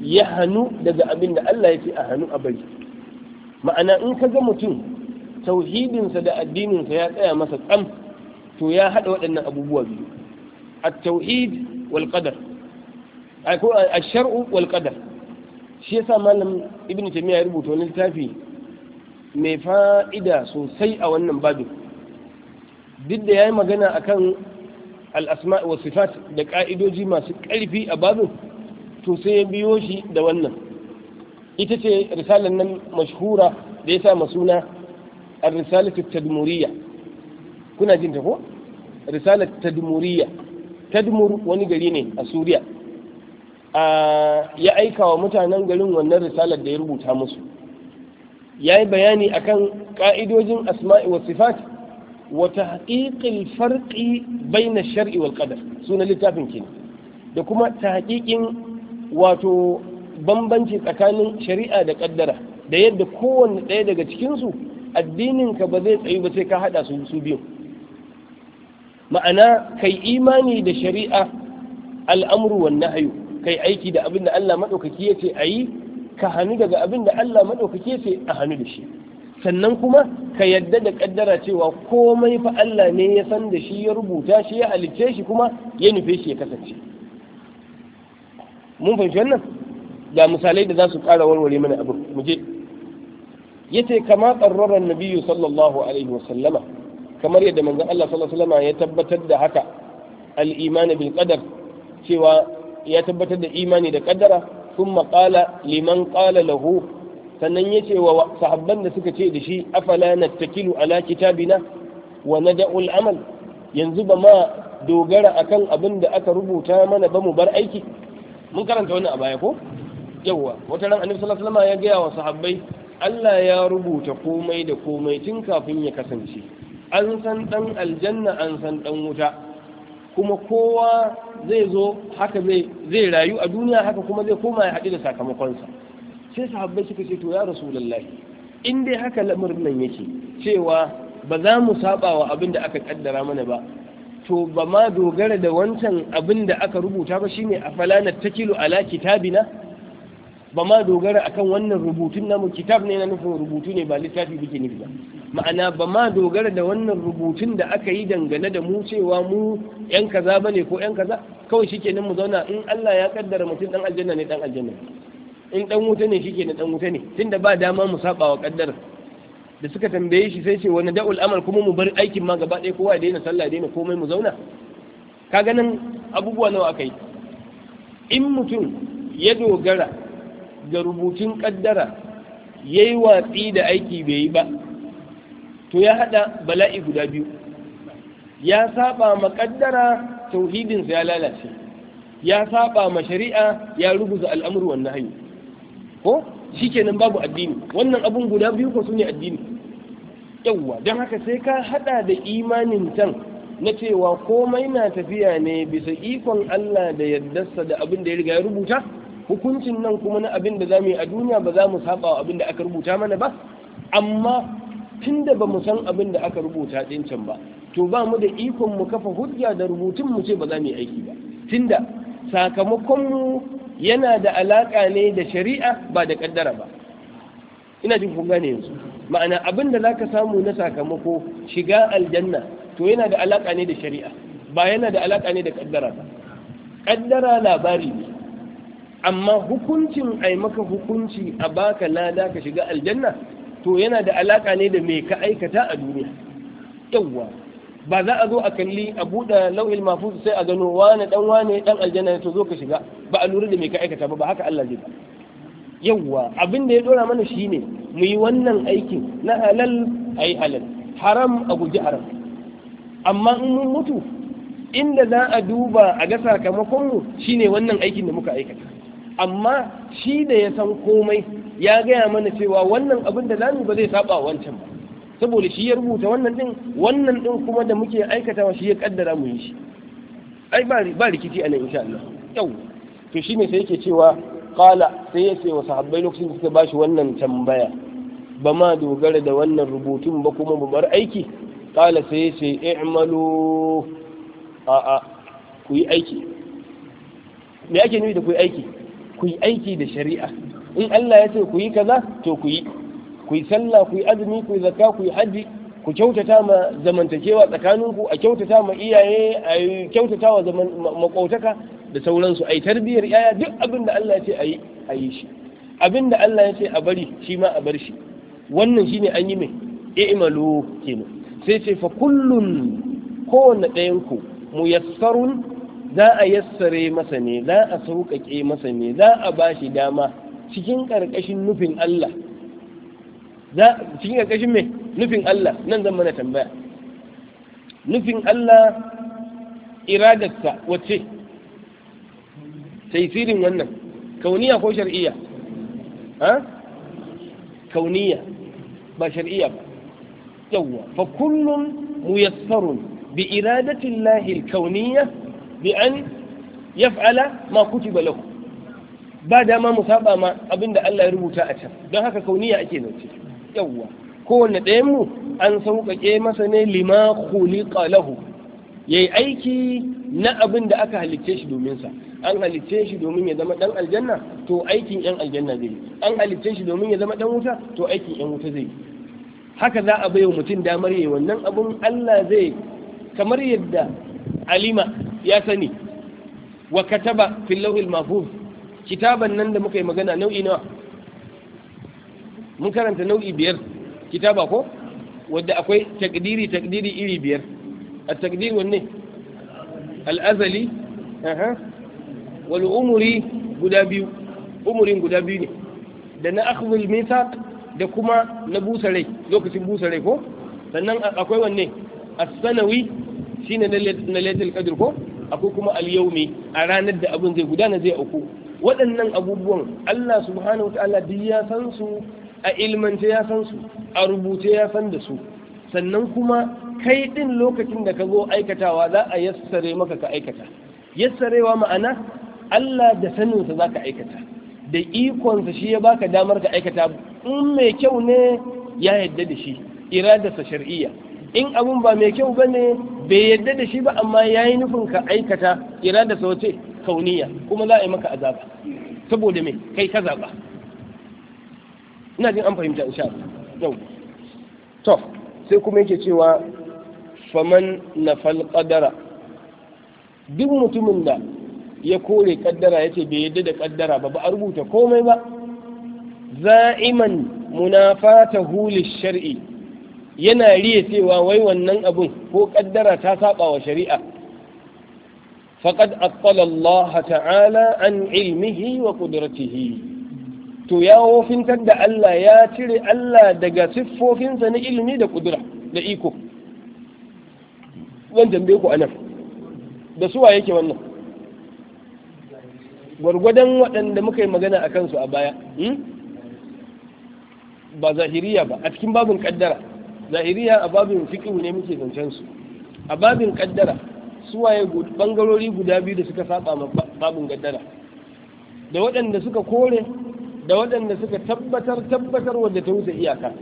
ya hanu daga abinda Allah ya ce a hanu a bari ma'ana in ka ga mutum tauhidinsa da addininsa ya tsaya masa tsam to ya haɗa waɗannan abubuwa biyu at-tauhid wal qadar ai ko ash-shar'u wal qadar shi yasa malam ibnu taymiya ya rubuta wani littafi mai fa'ida sosai a wannan babin duk da yayi magana akan al-asma wa sifat da ka'idoji masu ƙarfi a babin to sai ya biyo shi da wannan ita ce risalar nan mashhura da ya sa masuna ar-risalatu tadmuriyya kuna jin ta ko risalar tadmuriya tadmur wani gari ne a suriya ya aika wa mutanen garin wannan risalar da ya rubuta musu ya yi bayani akan ka'idojin asma'i wa sifat wa tahqiqil farqi bayna shar'i wal qadar sunan littafin kin da kuma tahqiqin wato bambanci tsakanin shari'a da ƙaddara da yadda kowanne ɗaya daga cikinsu addininka ba zai tsayi ba sai ka haɗa su su biyu ma'ana kai imani da shari'a al'amru wa nahyu kai aiki da abin da Allah madaukaki ce ayi ka hannu daga abin da Allah madaukaki ce a hannu da shi sannan kuma ka yadda da kaddara cewa komai fa Allah ne ya san da shi ya rubuta shi ya halicce shi kuma ya nufe shi ya kasance mun fahimci wannan ga misalai da za su ƙara warware mana abin mu je yace kama qarrara nabiyyu sallallahu alaihi wa sallama kamar yadda manzon Allah sallallahu alaihi wasallam ya tabbatar da haka al-iman bil qadar cewa ya tabbatar da imani da kaddara thumma qala liman qala lahu sannan ya ce wa sahabban da suka ce da shi afala nattakilu ala kitabina wa nada'u al-amal yanzu ba ma dogara akan abin da aka rubuta mana ba mu bar aiki mun karanta wannan a baya ko yawwa wata ran annabi sallallahu alaihi wasallam ya gaya wa sahabbai Allah ya rubuta komai da komai tun kafin ya kasance an san ɗan aljanna an san ɗan wuta kuma kowa zai zo haka zai rayu a duniya haka kuma zai koma ya haɗu da sakamakonsa sai sahabbai suka ce to ya rasulullahi in dai haka lamarin nan yake cewa ba za mu saba wa abin da aka ƙaddara mana ba to ba ma dogara da wancan abin da aka rubuta ba shine afala nattakilu ala kitabina ba ma dogara akan wannan rubutun namu kitab ne na nufin rubutu ne ba littafi bike nufi ba ma'ana ba ma dogara da wannan rubutun da aka yi dangane da mu cewa mu yan kaza bane ko yan kaza kawai shikenan mu zauna in Allah ya kaddara mutum dan aljanna ne dan aljanna in dan wuta ne shikenan dan wuta ne tunda ba dama mu saba wa kaddara da suka tambaye shi sai ce wani da'ul amal kuma mu bar aikin ma gaba ɗaya kowa ya daina sallah daina komai mu zauna ka ganin abubuwa nawa aka yi in mutum ya dogara da rubutun kaddara yayi watsi da aiki bai yi ba to ya hada bala'i guda biyu ya saba ma kaddara tauhidinsa ya lalace ya saba ma shari'a ya rubuta al'amur wannan hayu ko shikenan babu addini wannan abun guda biyu ko sune addini yawa dan haka sai ka hada da imanin can na cewa komai na tafiya ne bisa ikon Allah da yardarsa da abin da ya riga ya rubuta hukuncin nan kuma na abin da za mu yi a duniya ba za mu saba wa abin da aka rubuta mana ba amma da ba mu san abin da aka rubuta dincan ba to ba mu da ikon mu kafa hujja da rubutun mu ce ba za mu yi aiki ba tunda sakamakon mu yana da alaka ne da shari'a ba da kaddara ba ina jin kun gane yanzu ma'ana abin da zaka samu na sakamako shiga aljanna to yana da alaka ne da shari'a ba yana da alaka ne da kaddara ba kaddara labari ne amma hukuncin ai maka hukunci a baka lada ka shiga aljanna to yana da alaka ne da mai ka aikata a duniya yawwa ba za a zo a kalli a buɗe lauhil mafuz sai a gano wane dan wane dan aljanna to zo ka shiga ba a lura da me ka aikata ba ba haka Allah zai yawwa abin da ya dora mana shine mu yi wannan aikin na halal ayi halal haram a guji haram amma in mun mutu inda za a duba a ga sakamakonmu shine wannan aikin da muka aikata amma shi da ya san komai ya gaya mana cewa wannan abin da zamu ba zai saba wancan ba saboda shi ya rubuta wannan din wannan din kuma da muke aikatawa shi ya kaddara mu yi shi ai ba rikici a nan insha Allah yau to shi ne sai yake cewa qala sai yace wa sahabbai lokacin da suka bashi wannan tambaya ba ma dogara da wannan rubutun ba kuma ba bar aiki qala sai yace i'malu a a ku yi aiki me ake nufi da ku yi aiki ku yi aiki da shari'a in Allah ya ce ku yi kaza to ku yi ku yi sallah ku yi azumi ku yi zakka ku yi haji ku kyautata ma zamantakewa tsakaninku a kyautata ma iyaye a kyautata wa makautaka da sauransu a yi tarbiyyar yaya duk abin da Allah ya ce a yi shi abin da Allah ya ce a bari shi ma a bar shi wannan shine an yi mai i'malu kenan sai ce fa kullun kowanne ɗayan ku muyassarun za a yassare masa ne za a sauƙaƙe masa ne za a ba shi dama cikin ƙarƙashin nufin Allah cikin ƙarƙashin me nufin Allah nan zan mana tambaya nufin Allah iradarsa wacce taisirin wannan kauniya ko shar'iyya ha kauniya ba shar'iyya ba yawwa fa kullum muyassarun bi iradatillahi al-kauniyya bi an yaf'ala ma kutiba lahu ba dama mu saɓa ma abinda Allah ya rubuta a can don haka kauniya ake zance yawwa kowanne ɗayan mu an sauƙaƙe masa ne lima khuliqa lahu yayi aiki na abin da aka halicce shi domin sa an halicce shi domin ya zama dan aljanna to aikin yan aljanna zai an halicce shi domin ya zama dan wuta to aikin yan wuta zai haka za a baiwa mutum damar yayi wannan abun Allah zai kamar yadda alima ya sani wa kataba fil lawhil mahfuz kitaban nan da muka yi magana nau'i nawa mun karanta nau'i biyar kitaba ko wadda akwai takdiri takdiri iri biyar a takdir wanne aha wal umuri guda biyu umurin guda biyu ne da na akhdhul mithaq da kuma na busa rai lokacin busa rai ko sannan akwai wanne as-sanawi shine na lailatul qadr ko akwai kuma al-yawmi a ranar da abin zai gudana zai auku waɗannan abubuwan Allah subhanahu wataala duk ya san su a ilmance ya san su a rubuce ya san da su sannan kuma kai din lokacin da ka zo aikatawa za a yassare maka ka aikata yassarewa ma'ana Allah da saninsa za ka aikata da ikonsa shi ya baka damar ka aikata in mai kyau ne ya yadda da shi iradarsa shar'iyya in abun ba mai kyau ba ne. bai yadda da shi ba amma ya yi nufin ka aikata ira da sauce, kauniya kuma za a yi maka azaba saboda me kai ka zaba ina jin an fahimta insha Allah to sai kuma yake cewa faman nafal qadara duk mutumin da ya kore kaddara yace bai yadda da kaddara ba ba a rubuta komai ba za'iman munafatahu lish shar'i yana riya cewa wai wannan abun ko kaddara ta saba wa shari'a faqad aqala Allah ta'ala an ilmihi wa qudratihi to ya wofintar da Allah ya cire Allah daga siffofinsa na ilmi da kudura da iko zan tambaye ku anan da suwa yake wannan gwargwadon waɗanda muka yi magana a kansu a baya hmm? ba zahiriya ba a cikin babin kaddara zahiriya a babin fikihu ne muke zancen su a babin kaddara suwaye bangarori guda biyu da suka saba ma babin kaddara da waɗanda suka kore da waɗanda suka tabbatar tabbatar wadda ta wuce iyaka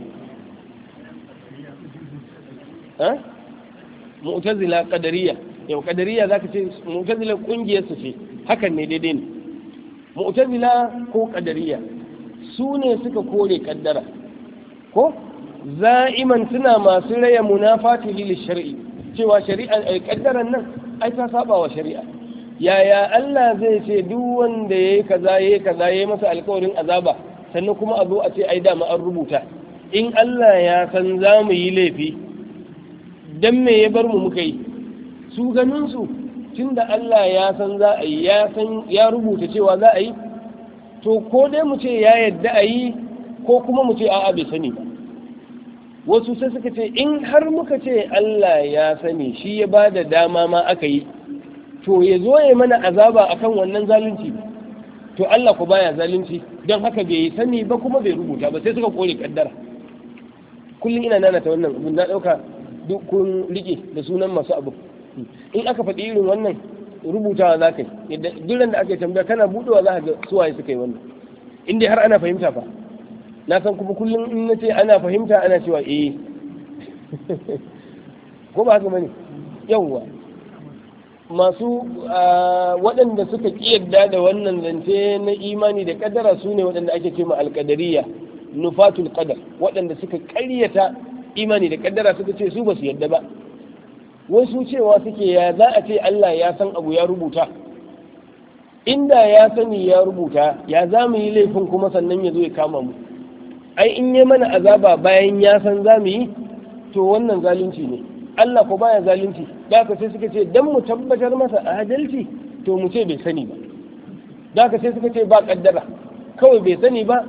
mu'tazila qadariya yau qadariya zaka ce mu'tazila kungiyar su ce hakan ne daidai ne mu'tazila ko qadariya su ne suka kore kaddara ko za'iman suna masu raya munafati lil shar'i cewa shari'a ai kaddaran nan ai ta saba wa shari'a yaya Allah zai ce duk wanda yayi kaza yayi kaza yayi masa alƙawarin azaba sannan kuma a zo a ce ai mu an rubuta in Allah ya san za mu yi laifi dan me ya bar mu muka yi su ganin su tunda Allah ya san za a yi ya san ya rubuta cewa za a yi to ko dai mu ce ya yadda a yi ko kuma mu ce a'a bai sani ba wasu sai suka ce in har muka ce Allah ya sani shi ya ba da dama ma aka yi to ya zo ya mana azaba akan wannan zalunci to Allah ku baya zalunci don haka bai sani ba kuma bai rubuta ba sai suka kore kaddara kullum ina nana ta wannan abin na dauka duk kun rike da sunan masu abu in aka faɗi irin wannan rubutawa za ka yi duk da aka yi tambaya kana buɗewa za ka ga suwaye suka yi wannan in dai har ana fahimta fa na san kuma kullum in na ce ana fahimta ana cewa eh ko ba haka bane yawwa masu waɗanda suka ƙiyarda da wannan zance na imani da kadara su ne waɗanda ake ce ma alƙadariya nufatul ƙadar waɗanda suka ƙaryata imani da kadara suka ce su ba su yadda ba wasu cewa suke ya za a ce Allah ya san abu ya rubuta inda ya sani ya rubuta ya za mu yi laifin kuma sannan ya zo ya kama mu ai in yi mana azaba bayan ya san za mu yi to wannan zalunci ne Allah ko baya zalunci da ka sai suka ce dan mu tabbatar masa adalci to mu ce bai sani ba da ka sai suka ce ba kaddara kawai bai sani ba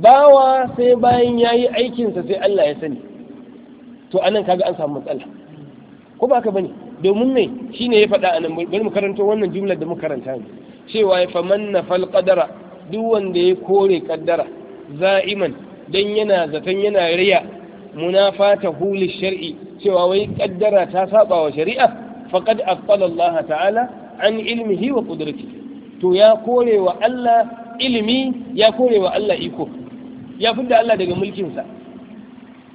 bawa sai bayan ya yi aikinsa sai Allah ya sani to anan kaga an samu matsala ko ba ka bane domin me shine ya faɗa anan bari mu karanto wannan jumlar da muka karanta ne cewa ya famanna fal qadara duk wanda ya kore kaddara za'iman dan yana zaton yana riya munafata huli shar'i cewa wai kaddara ta saba wa shari'a faqad aqala Allah ta'ala an ilmihi wa qudratihi to ya kore wa Allah ilimi ya kore wa Allah iko ya fidda Allah daga mulkinsa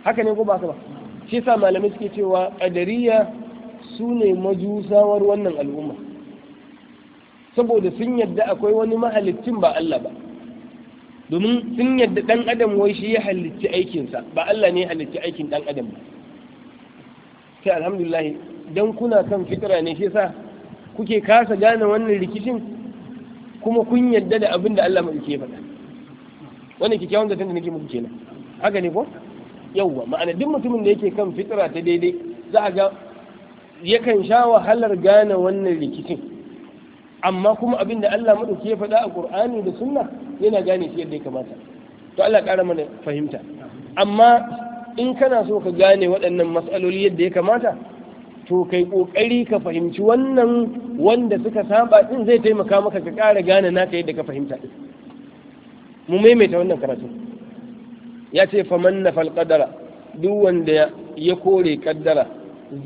haka ne ko ba ba shi yasa malamai suke cewa ƙadariya su ne majusawar wannan al'umma saboda sun yadda akwai wani mahalicin ba Allah ba domin sun yadda ɗan adam wai shi ya halicci aikinsa ba Allah ne ya halicci aikin ɗan adam ba sai alhamdulillah dan kuna kan fitara ne shi yasa kuke kasa gane wannan rikicin kuma kun yadda da abin da Allah mai faɗa wannan kikkiawan zaton da nake muku kenan haka ne ko yawwa ma'ana duk mutumin da yake kan fitara ta daidai za a ga yakan sha wahalar gane wannan rikicin amma kuma abin da Allah madauki ya faɗa a Kur'ani da Sunna yana gane shi yadda ya kamata to Allah ƙara mana fahimta amma in kana so ka gane waɗannan matsaloli yadda ya kamata to kai ƙoƙari ka fahimci wannan wanda suka saba din zai taimaka maka ka ƙara gane naka yadda ka fahimta din mu maimaita wannan karatu ya ce faman nafal falƙadara. duk wanda ya kore kaddara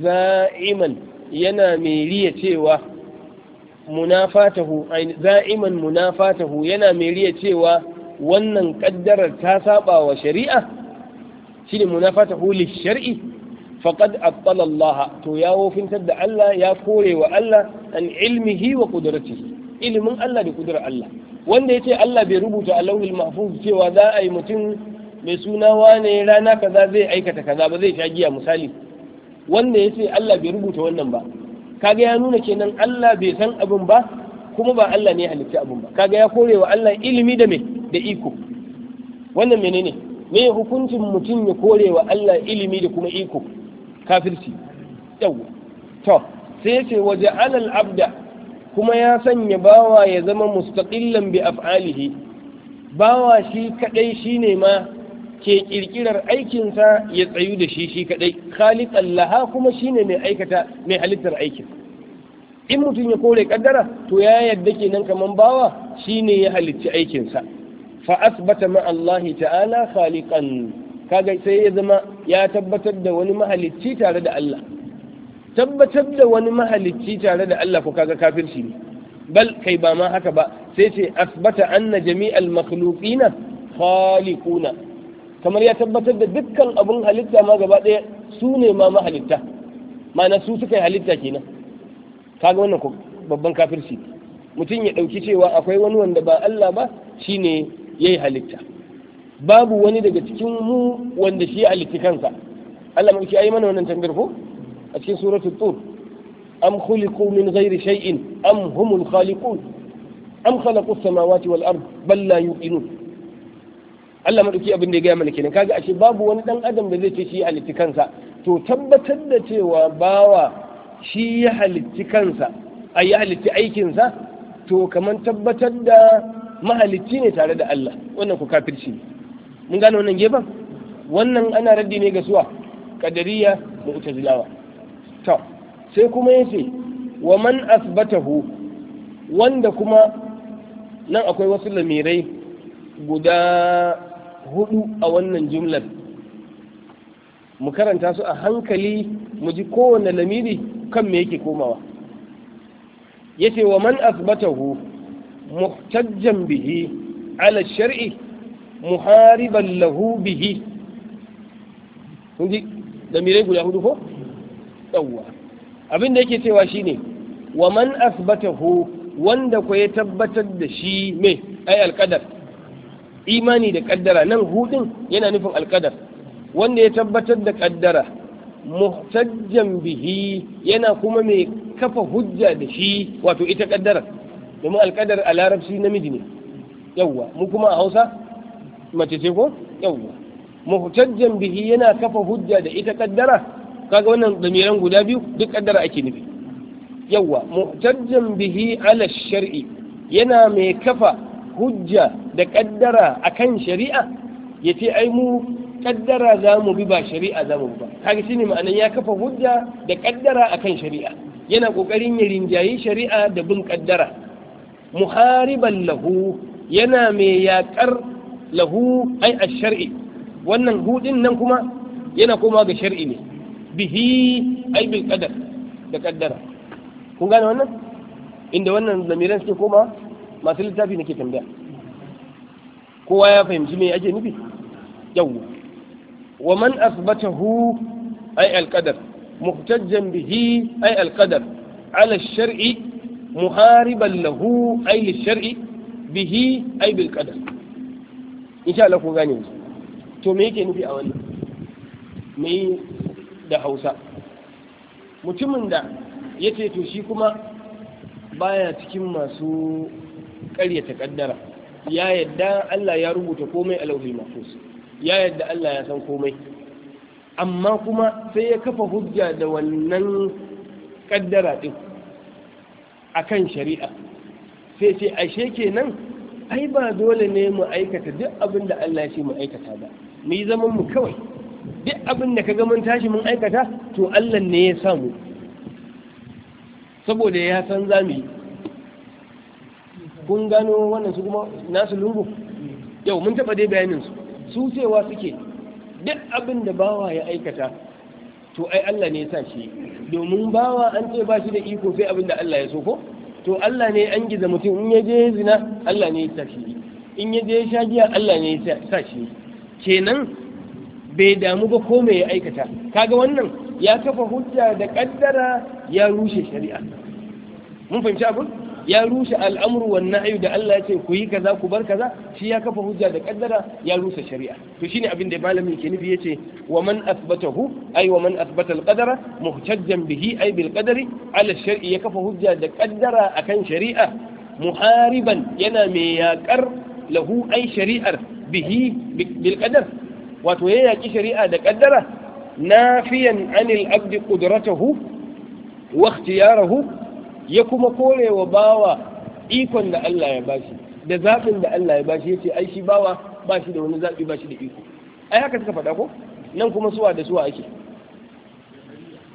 za'iman yana mai riya cewa munafatahu za'iman munafatahu yana meriya cewa wannan kaddarar ta saba wa shari'a shine munafatahu lishar'i faqad abtala Allah to ya wofintar da Allah ya kore wa Allah an ilmihi wa qudratihi ilimin Allah da kudurar Allah wanda yace Allah bai rubuta a lauhil mahfuz cewa za a yi mutum mai suna wane rana kaza zai aikata kaza ba zai sha giya misali wanda yace Allah bai rubuta wannan ba kaga ya nuna kenan Allah bai san abin ba kuma ba Allah ne halitta abin ba kaga ya kore wa Allah ilimi da me da iko wannan menene me hukuncin mutum ya kore wa Allah ilimi da kuma iko kafirci yawa to sai ce waje alal abda kuma ya sanya bawa ya zama mustaqillan bi af'alihi bawa shi kadai shine ma ke kirkirar aikinsa ya tsayu da shi shi kadai khaliq laha kuma shine mai aikata mai halittar aikin in mutum ya kore kaddara to ya yadda kenan kaman bawa shine ya halicci aikinsa fa asbata ma Allah ta'ala khaliqan kaga sai ya zama ya tabbatar da wani mahalicci tare da Allah tabbatar da wani mahalicci tare da Allah ko kaga kafirci ne bal kai ba ma haka ba sai ce asbata anna jami'al makhluqina khaliquna kamar ya tabbatar da dukkan abun halitta ma gaba ɗaya su ne ma mahalitta ma'ana su suka yi halitta kenan kaga wannan babban kafirci mutum ya ɗauki cewa akwai wani wanda ba Allah ba shine ya yi halitta babu wani daga cikin mu wanda shi halitti kansa Allah mu ce ayi mana wannan tambayar ko a cikin suratul tur am khuliqu min ghairi shay'in am humul khaliqun am khalaqu as-samawati wal ard bal la yuqinun Allah maɗuki abin da ya gaya mana kenan kaga ashe babu wani ɗan adam da zai ce shi halitti kansa to tabbatar da cewa bawa shi ya halitti kansa a ya halitti aikinsa to kamar tabbatar da mahalicci ne tare da Allah wannan ku kafirci ne mun gane wannan gefen wannan ana raddi ne ga suwa kadariya zilawa to sai kuma ya ce wa man asbatahu wanda kuma nan akwai wasu lamirai guda hudu a wannan jumlar mu karanta su a hankali mu ji kowane lamiri kan me yake komawa ya ce wa man asbatahu muhtajjan bihi ala shar'i muhariban lahu bihi hudu ji lamirai guda hudu ko yawwa abin da yake cewa shine wa man asbatahu wanda ku ya tabbatar da shi me ai alƙadar. imani da kaddara nan hudun yana nufin alkadar wanda ya tabbatar da kaddara muhtajjan bihi yana kuma mai kafa hujja da shi wato ita kaddara domin alkadar a larabci namiji ne yawwa mu kuma a hausa mace ce ko yawwa muhtajjan bihi yana kafa hujja da ita kaddara kaga wannan damiran guda biyu duk kaddara ake nufi yawwa muhtajjan bihi ala shar'i yana mai kafa hujja da kaddara akan shari'a ya ce ai mu kaddara za mu bi ba shari'a za mu bi ba kaga ne ma'anan ya kafa hujja da kaddara akan shari'a yana kokarin ya rinjayi shari'a da bin kaddara muhariban lahu yana mai yaƙar lahu ai a shari'i wannan hudin nan kuma yana koma ga shari'i ne bihi ai bil qadar da kaddara kun gane wannan inda wannan zamiran suke koma masu littafi nake tambaya kowa ya fahimci me ake nufi Yau, wa man asbatahu ay alqadar muhtajjan bihi ay alqadar ala shar'i muhariban lahu ay lishar'i bihi ay bil qadar insha Allah ko gane to me yake nufi a wannan me da Hausa mutumin da ya ce to shi kuma baya cikin masu ta kaddara ya yadda Allah ya rubuta komai a lauhil mahfuz ya yadda Allah ya san komai amma kuma sai ya kafa hujja da wannan kaddara din akan shari'a sai ce ashe kenan ai ba dole ne mu aikata duk abin da Allah ya ce mu aikata ba mu yi zaman mu kawai duk abin da kaga mun tashi mun aikata to Allah ne ya samu saboda ya san zamu yi kun gano wannan su kuma nasu lungu yau mun taɓa dai bayanin su su cewa suke duk abin da bawa ya aikata to ai Allah ne ya sa shi domin bawa an ce ba shi da iko sai abin da Allah ya so ko to Allah ne an giza mutum in ya je zina Allah ne ya sa shi in ya je sha giya Allah ne ya sa shi kenan bai damu ba ko me ya aikata kaga wannan ya kafa hujja da kaddara ya rushe shari'a mun fahimci abin ya rushe al'amuru wan nahyu da Allah ya ce ku yi kaza ku bar kaza shi ya kafa hujja da kaddara ya rusa shari'a to shine abin da malami ke nufi yace wa man asbatahu ay wa man asbata al-qadara muhtajjan bihi ay bil qadari ala shar'i ya kafa hujja da kaddara akan shari'a muhariban yana mai yakar lahu ay shari'ar bihi bil qadar wato ya yaki shari'a da kaddara nafiyan anil abdi qudratahu wa ikhtiyarahu ya kuma kore wa bawa ikon da Allah ya bashi da zaɓin da Allah ya bashi ya ce ai shi bawa ba shi da wani zaɓi ba shi da iko ai haka suka faɗa ko nan kuma suwa da suwa ake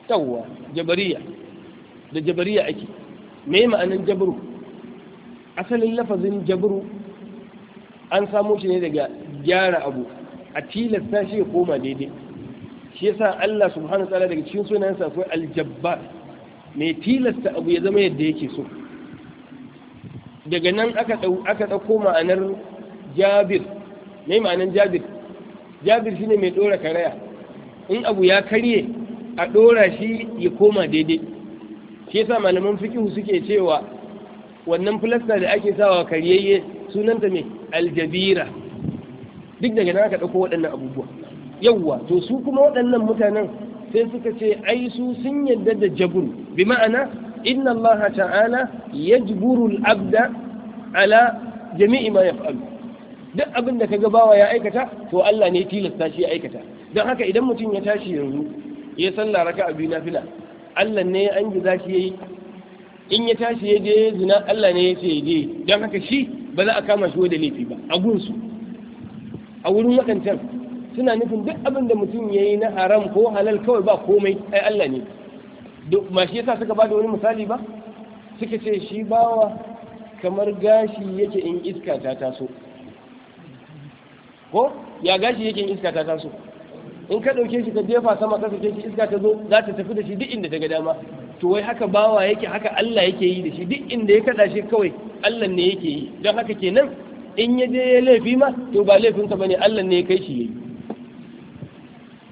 tawwa jabariya da jabariya ake me ma'anin jabru asalin lafazin jabru an samo shi ne daga gyara abu a tilasta shi ya koma daidai shi yasa Allah subhanahu wa ta'ala daga cikin sunayensa akwai aljabbar mai tilasta abu ya zama yadda yake so daga nan aka ɗauko ma'anar jabir mai ma'anar jabir jabir shine mai ɗora karaya in abu ya karye a ɗora shi ya koma daidai shi yasa malaman fikihu suke cewa wannan filasta da ake sawa karyayye sunanta mai aljabira duk daga nan aka ɗauko waɗannan abubuwa yawwa to su kuma waɗannan mutanen sai suka ce ai su sun yarda da jabur بمعنى إن الله تعالى يجبر العبد على جميع ما يفعل duk abin da kaga bawa ya aikata to Allah ne tilasta shi aikata don haka idan mutum ya tashi yanzu ya sallah raka biyu na fila Allah ne an za shi yi. in ya tashi ya je zina Allah ne ya ce ya je don haka shi ba za a kama shi da laifi ba a gunsu a wurin waɗancan suna nufin duk abin da mutum ya yi na haram ko halal kawai ba komai ai Allah ne duk ma shi yasa suka bada wani misali ba suka ce shi bawa kamar gashi yake in iska ta taso ko ya gashi yake in iska ta taso in ka ɗauke shi ka jefa sama ka sake shi iska ta zo za ta tafi da shi duk inda ta ga dama to wai haka bawa yake haka Allah yake yi da shi duk inda ya kada shi kawai Allah ne yake yi don haka kenan in ya je ya laifi ma to ba laifin ba bane Allah ne ya kai shi yayi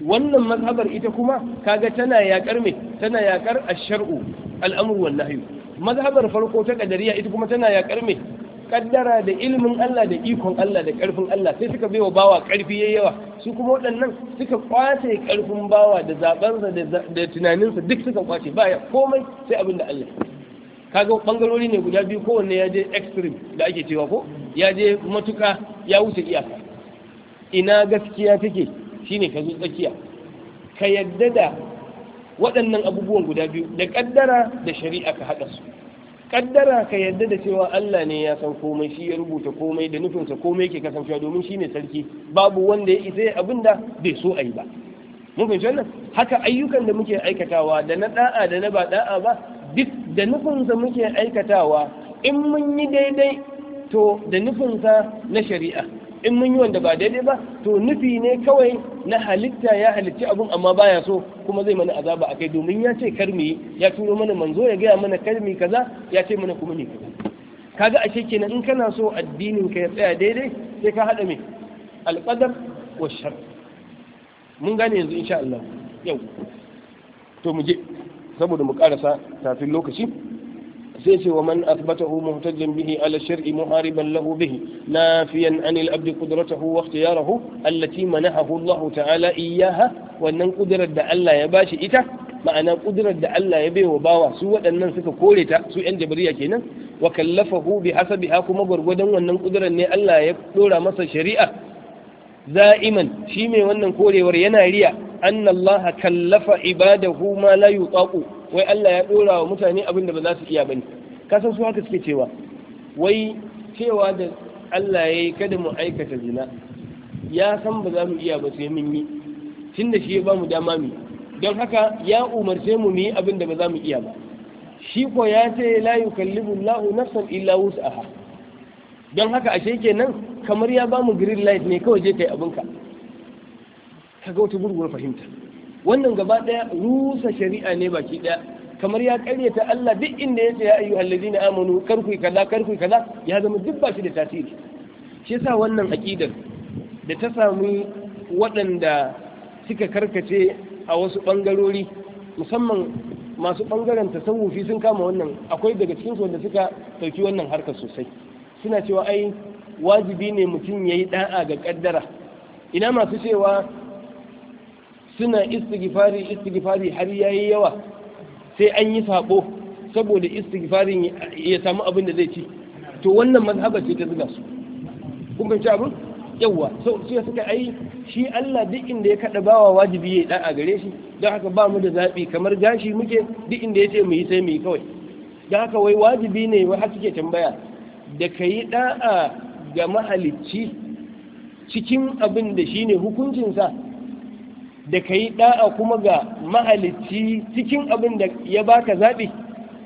wannan mazhabar ita kuma kaga tana yakar me tana yakar ash-shar'u al-amru wan nahyu mazhabar farko ta kadariya ita kuma tana yakar me kaddara da ilimin Allah da ikon Allah da karfin Allah sai suka wa bawa karfi yayyawa yawa su kuma waɗannan suka kwace karfin bawa da zabansa da tunaninsa duk suka kwace baya komai sai abin da Allah kaga bangarori ne guda biyu kowanne ya je extreme da ake cewa ko ya je matuka ya wuce iyaka ina gaskiya take Shi ne ka zo tsakiya ka yadda da waɗannan abubuwan guda biyu da ƙaddara da shari'a ka haɗa su ƙaddara ka yadda da cewa Allah ne ya san komai shi ya rubuta komai da nufinsa komai yake kasancewa domin shi ne sarki babu wanda ya isa abin da bai so a yi ba mun fahimci wannan haka ayyukan da muke aikatawa da na ɗa'a da na ba ɗa'a ba duk da nufinsa muke aikatawa in mun yi daidai to da nufinsa na shari'a in mun yi wanda ba daidai ba to nufi ne kawai na halitta ya halitta abun amma baya so kuma zai mana azaba a kai domin ya ce kar ya turo mana manzo ya gaya mana karmi kaza ya ce mana kuma ne kaza kaga ashe kenan in kana so addinin ka ya tsaya daidai sai ka hada me alqadar wa shar mun gane yanzu insha Allah yau to mu je saboda mu karasa kafin lokaci sai ce wa man athbatahu muhtajjan bihi ala shar'i muhariban lahu bihi nafiyan anil abdi abd qudratahu wa ikhtiyarahu allati manahahu Allah ta'ala iyyaha wannan kudirar da Allah ya bashi ita ma'ana kudirar da Allah ya baiwa bawa su waɗannan suka kore ta su yan jabriya kenan wa kallafahu bi hasabiha kuma gwargwadon wannan kudrar ne Allah ya dora masa shari'a za'iman shi mai wannan korewar yana riya annallaha kallafa ibadahu ma la yutaqu wai Allah ya dora wa mutane abin da ba za su iya bane kasan su haka suke cewa wai cewa da Allah ya yi kada mu aikata zina ya san ba za mu iya ba sai mun yi tun da shi ya ba mu dama mu don haka ya umarce mu mu yi abin da ba za mu iya ba shi ko ya ce la yukallibu Allahu nafsan illa wus'aha don haka ashe kenan kamar ya ba mu green light ne kawai je kai abinka kaga wata gurguwar fahimta wannan gaba daya rusa shari'a ne baki daya kamar ya ta Allah duk inda ya ya ayyuhal ladina amanu kar kaza kar kaza ya zama duk ba shi da tasiri shi yasa wannan aqidar da ta samu waɗanda suka karkace a wasu bangarori musamman masu bangaren tasawufi sun kama wannan akwai daga cikin su wanda suka dauki wannan harka sosai suna cewa ai wajibi ne mutum yayi da'a ga kaddara ina masu cewa suna istighfari istighfari har yayi yawa sai an yi sabo saboda istighfarin ya samu abin da zai ci to wannan mazhaba ce ta zuga su kun ci abin yawa so sai suka ai shi Allah duk inda ya kaɗa bawa wajibi ya a gare shi don haka ba mu da zabi kamar gashi muke duk inda ya ce mu yi sai mu yi kawai don haka wai wajibi ne wai har suke tambaya da ka yi da'a ga mahalicci cikin abin da shi ne hukuncinsa da ka yi ɗa'a kuma ga mahalicci cikin abin da ya baka zaɓi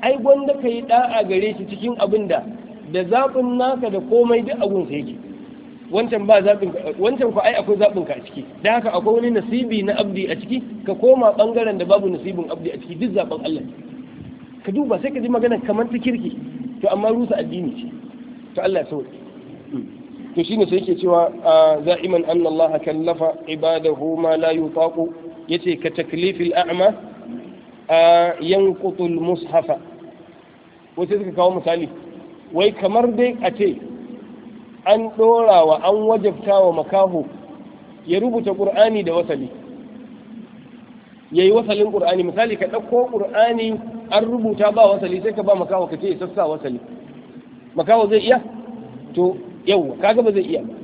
ai gwanda ka yi ɗa'a gare shi cikin abin da da zaɓin naka da komai duk abin sa yake wancan ba zaɓin wancan ku ai akwai zaɓin ka a ciki da haka akwai wani nasibi na abdi a ciki ka koma ɓangaren da babu nasibin abdi a ciki duk zaɓin Allah ka duba sai ka ji magana kamar ta kirki to amma rusa addini ce to Allah ya sauke hmm. to shine sai yake cewa za'iman anna Allah kallafa ibadahu ma la yutaqu yace ka taklifil a'ma yanqutul mushafa wace suka kawo misali wai kamar dai a ce an wa an wajabta wa makaho ya rubuta ƙur'ani da wasali ya yi wasalin ƙur'ani misali ka ɗauko ƙur'ani an rubuta ba wasali sai ka ba makaho ka ce ya sassa wasali makaho zai iya to yau kaga ba zai iya ba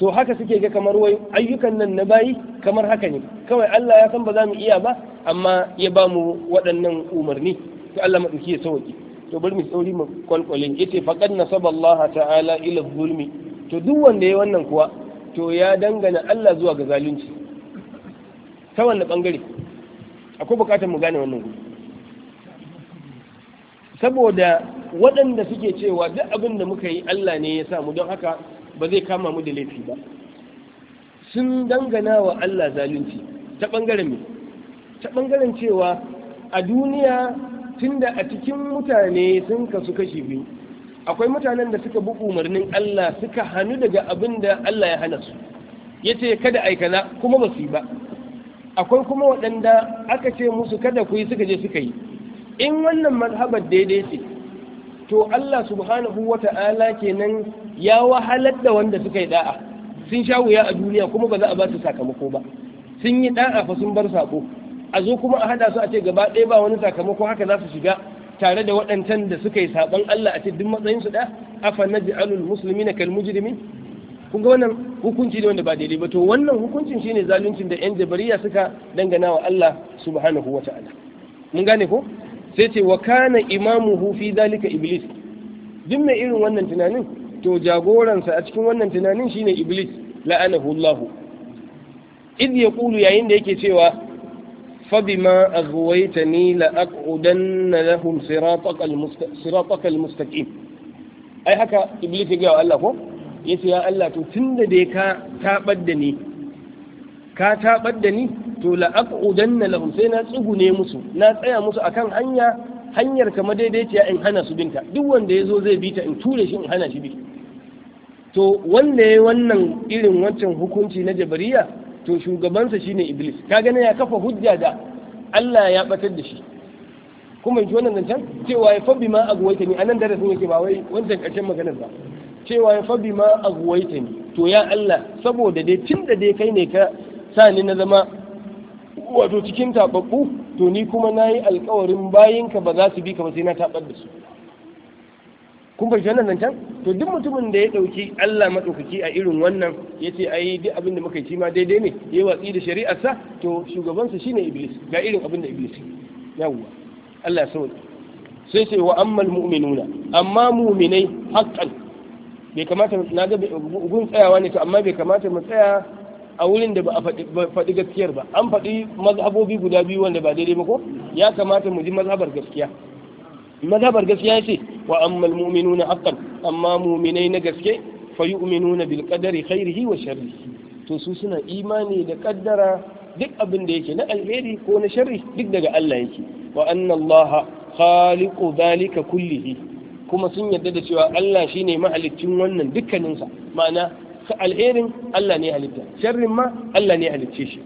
to haka suke ga kamar wai ayyukan nan na bayi kamar haka ne kawai Allah ya san ba za mu iya ba amma ya ba mu waɗannan umarni to Allah madauki ya sauki to bari mu tsauri mu kwalkwale yace faqad nasaba Allah ta'ala ila zulmi to duk wanda yayi wannan kuwa to ya dangana Allah zuwa ga zalunci ta wannan bangare akwai bukatar mu gane wannan gudu saboda waɗanda suke cewa duk abin da muka yi Allah ne ya samu don haka ba zai kama mu da laifi ba sun dangana wa Allah zalunci ta ɓangaren me ta ɓangaren cewa a duniya tunda a cikin mutane sun kasu kashi biyu akwai mutanen da suka bi umarnin Allah suka hannu daga abin da Allah ya hana su ya ce kada aikana kuma ba su yi ba akwai kuma waɗanda aka ce musu kada ku yi suka je suka yi in wannan mazhabar daidai ce to Allah subhanahu wa ta'ala kenan ya wahalar da wanda suka yi da'a sun sha wuya a duniya kuma ba za a ba su sakamako ba sun yi da'a fa sun bar sako a zo kuma a hada su a ce gaba ɗaya ba wani sakamako haka za su shiga tare da waɗancan da suka yi saban Allah a ce duk matsayin su da afa naj'alul muslimina kal mujrimin kun ga wannan hukunci ne wanda ba daidai ba to wannan hukuncin shine zaluncin da yan jabariya suka dangana wa Allah subhanahu wa ta'ala mun gane ko sai ce wa kana imamuhu fi zalika iblis duk mai irin wannan tunanin to jagoransa a cikin wannan tunanin shine iblis la'anahu Allah idh yaqulu yayin da yake cewa fa bima aghwaytani la aqudanna lahum sirataka almustaqim ai haka iblis ya ga Allah ko yace ya Allah to tunda da ka tabar da ni ka taɓar da ni to la'aqudan na lahum sai na tsugune musu na tsaya musu akan hanya hanyar kama daidaiciya in hana su binta duk wanda ya zo zai bi ta in ture shi in hana shi bi to wanda ya wannan irin wancan hukunci na jabariya to shugabansa shine iblis ka gane ya kafa hujja da Allah ya batar da shi kuma ji wannan zancen cewa ya fabi ma aguwaita ni anan darasin yake ba wai wancan karshen maganar ba cewa ya fabi ma aguwaita ni to ya Allah saboda dai tun da dai kai ne ka sani na zama wato cikin taɓaɓɓu. to ni kuma na yi alkawarin bayinka ba za su bi ka ba sai na taɓar da su kun fahimci wannan zancen to duk mutumin da ya ɗauki Allah maɗaukaki a irin wannan ya ce ai duk abin da muka yi ma daidai ne ya watsi da shari'ar sa, to shugabansa shine iblis ga irin abin da iblis yawwa Allah ya sauke sai sai wa ammal mu'minuna amma mu'minai haqqan bai kamata na ga gun tsayawa ne to amma bai kamata mu tsaya a wurin da ba a faɗi gaskiyar ba an faɗi mazhabobi guda biyu wanda ba daidai ba ko ya kamata mu ji mazhabar gaskiya mazhabar gaskiya ce wa ammal mu'minuna haqqan amma mu'minai na gaske fa yu'minuna bil qadari khairihi wa sharrihi to su suna imani da kaddara duk abin da yake na alheri ko na sharri duk daga Allah yake wa anna Allah khaliqu dhalika kullihi kuma sun yadda da cewa Allah shine mahaliccin wannan dukkaninsa ma'ana alherin Allah ne halitta sharrin ma Allah ne halicce shi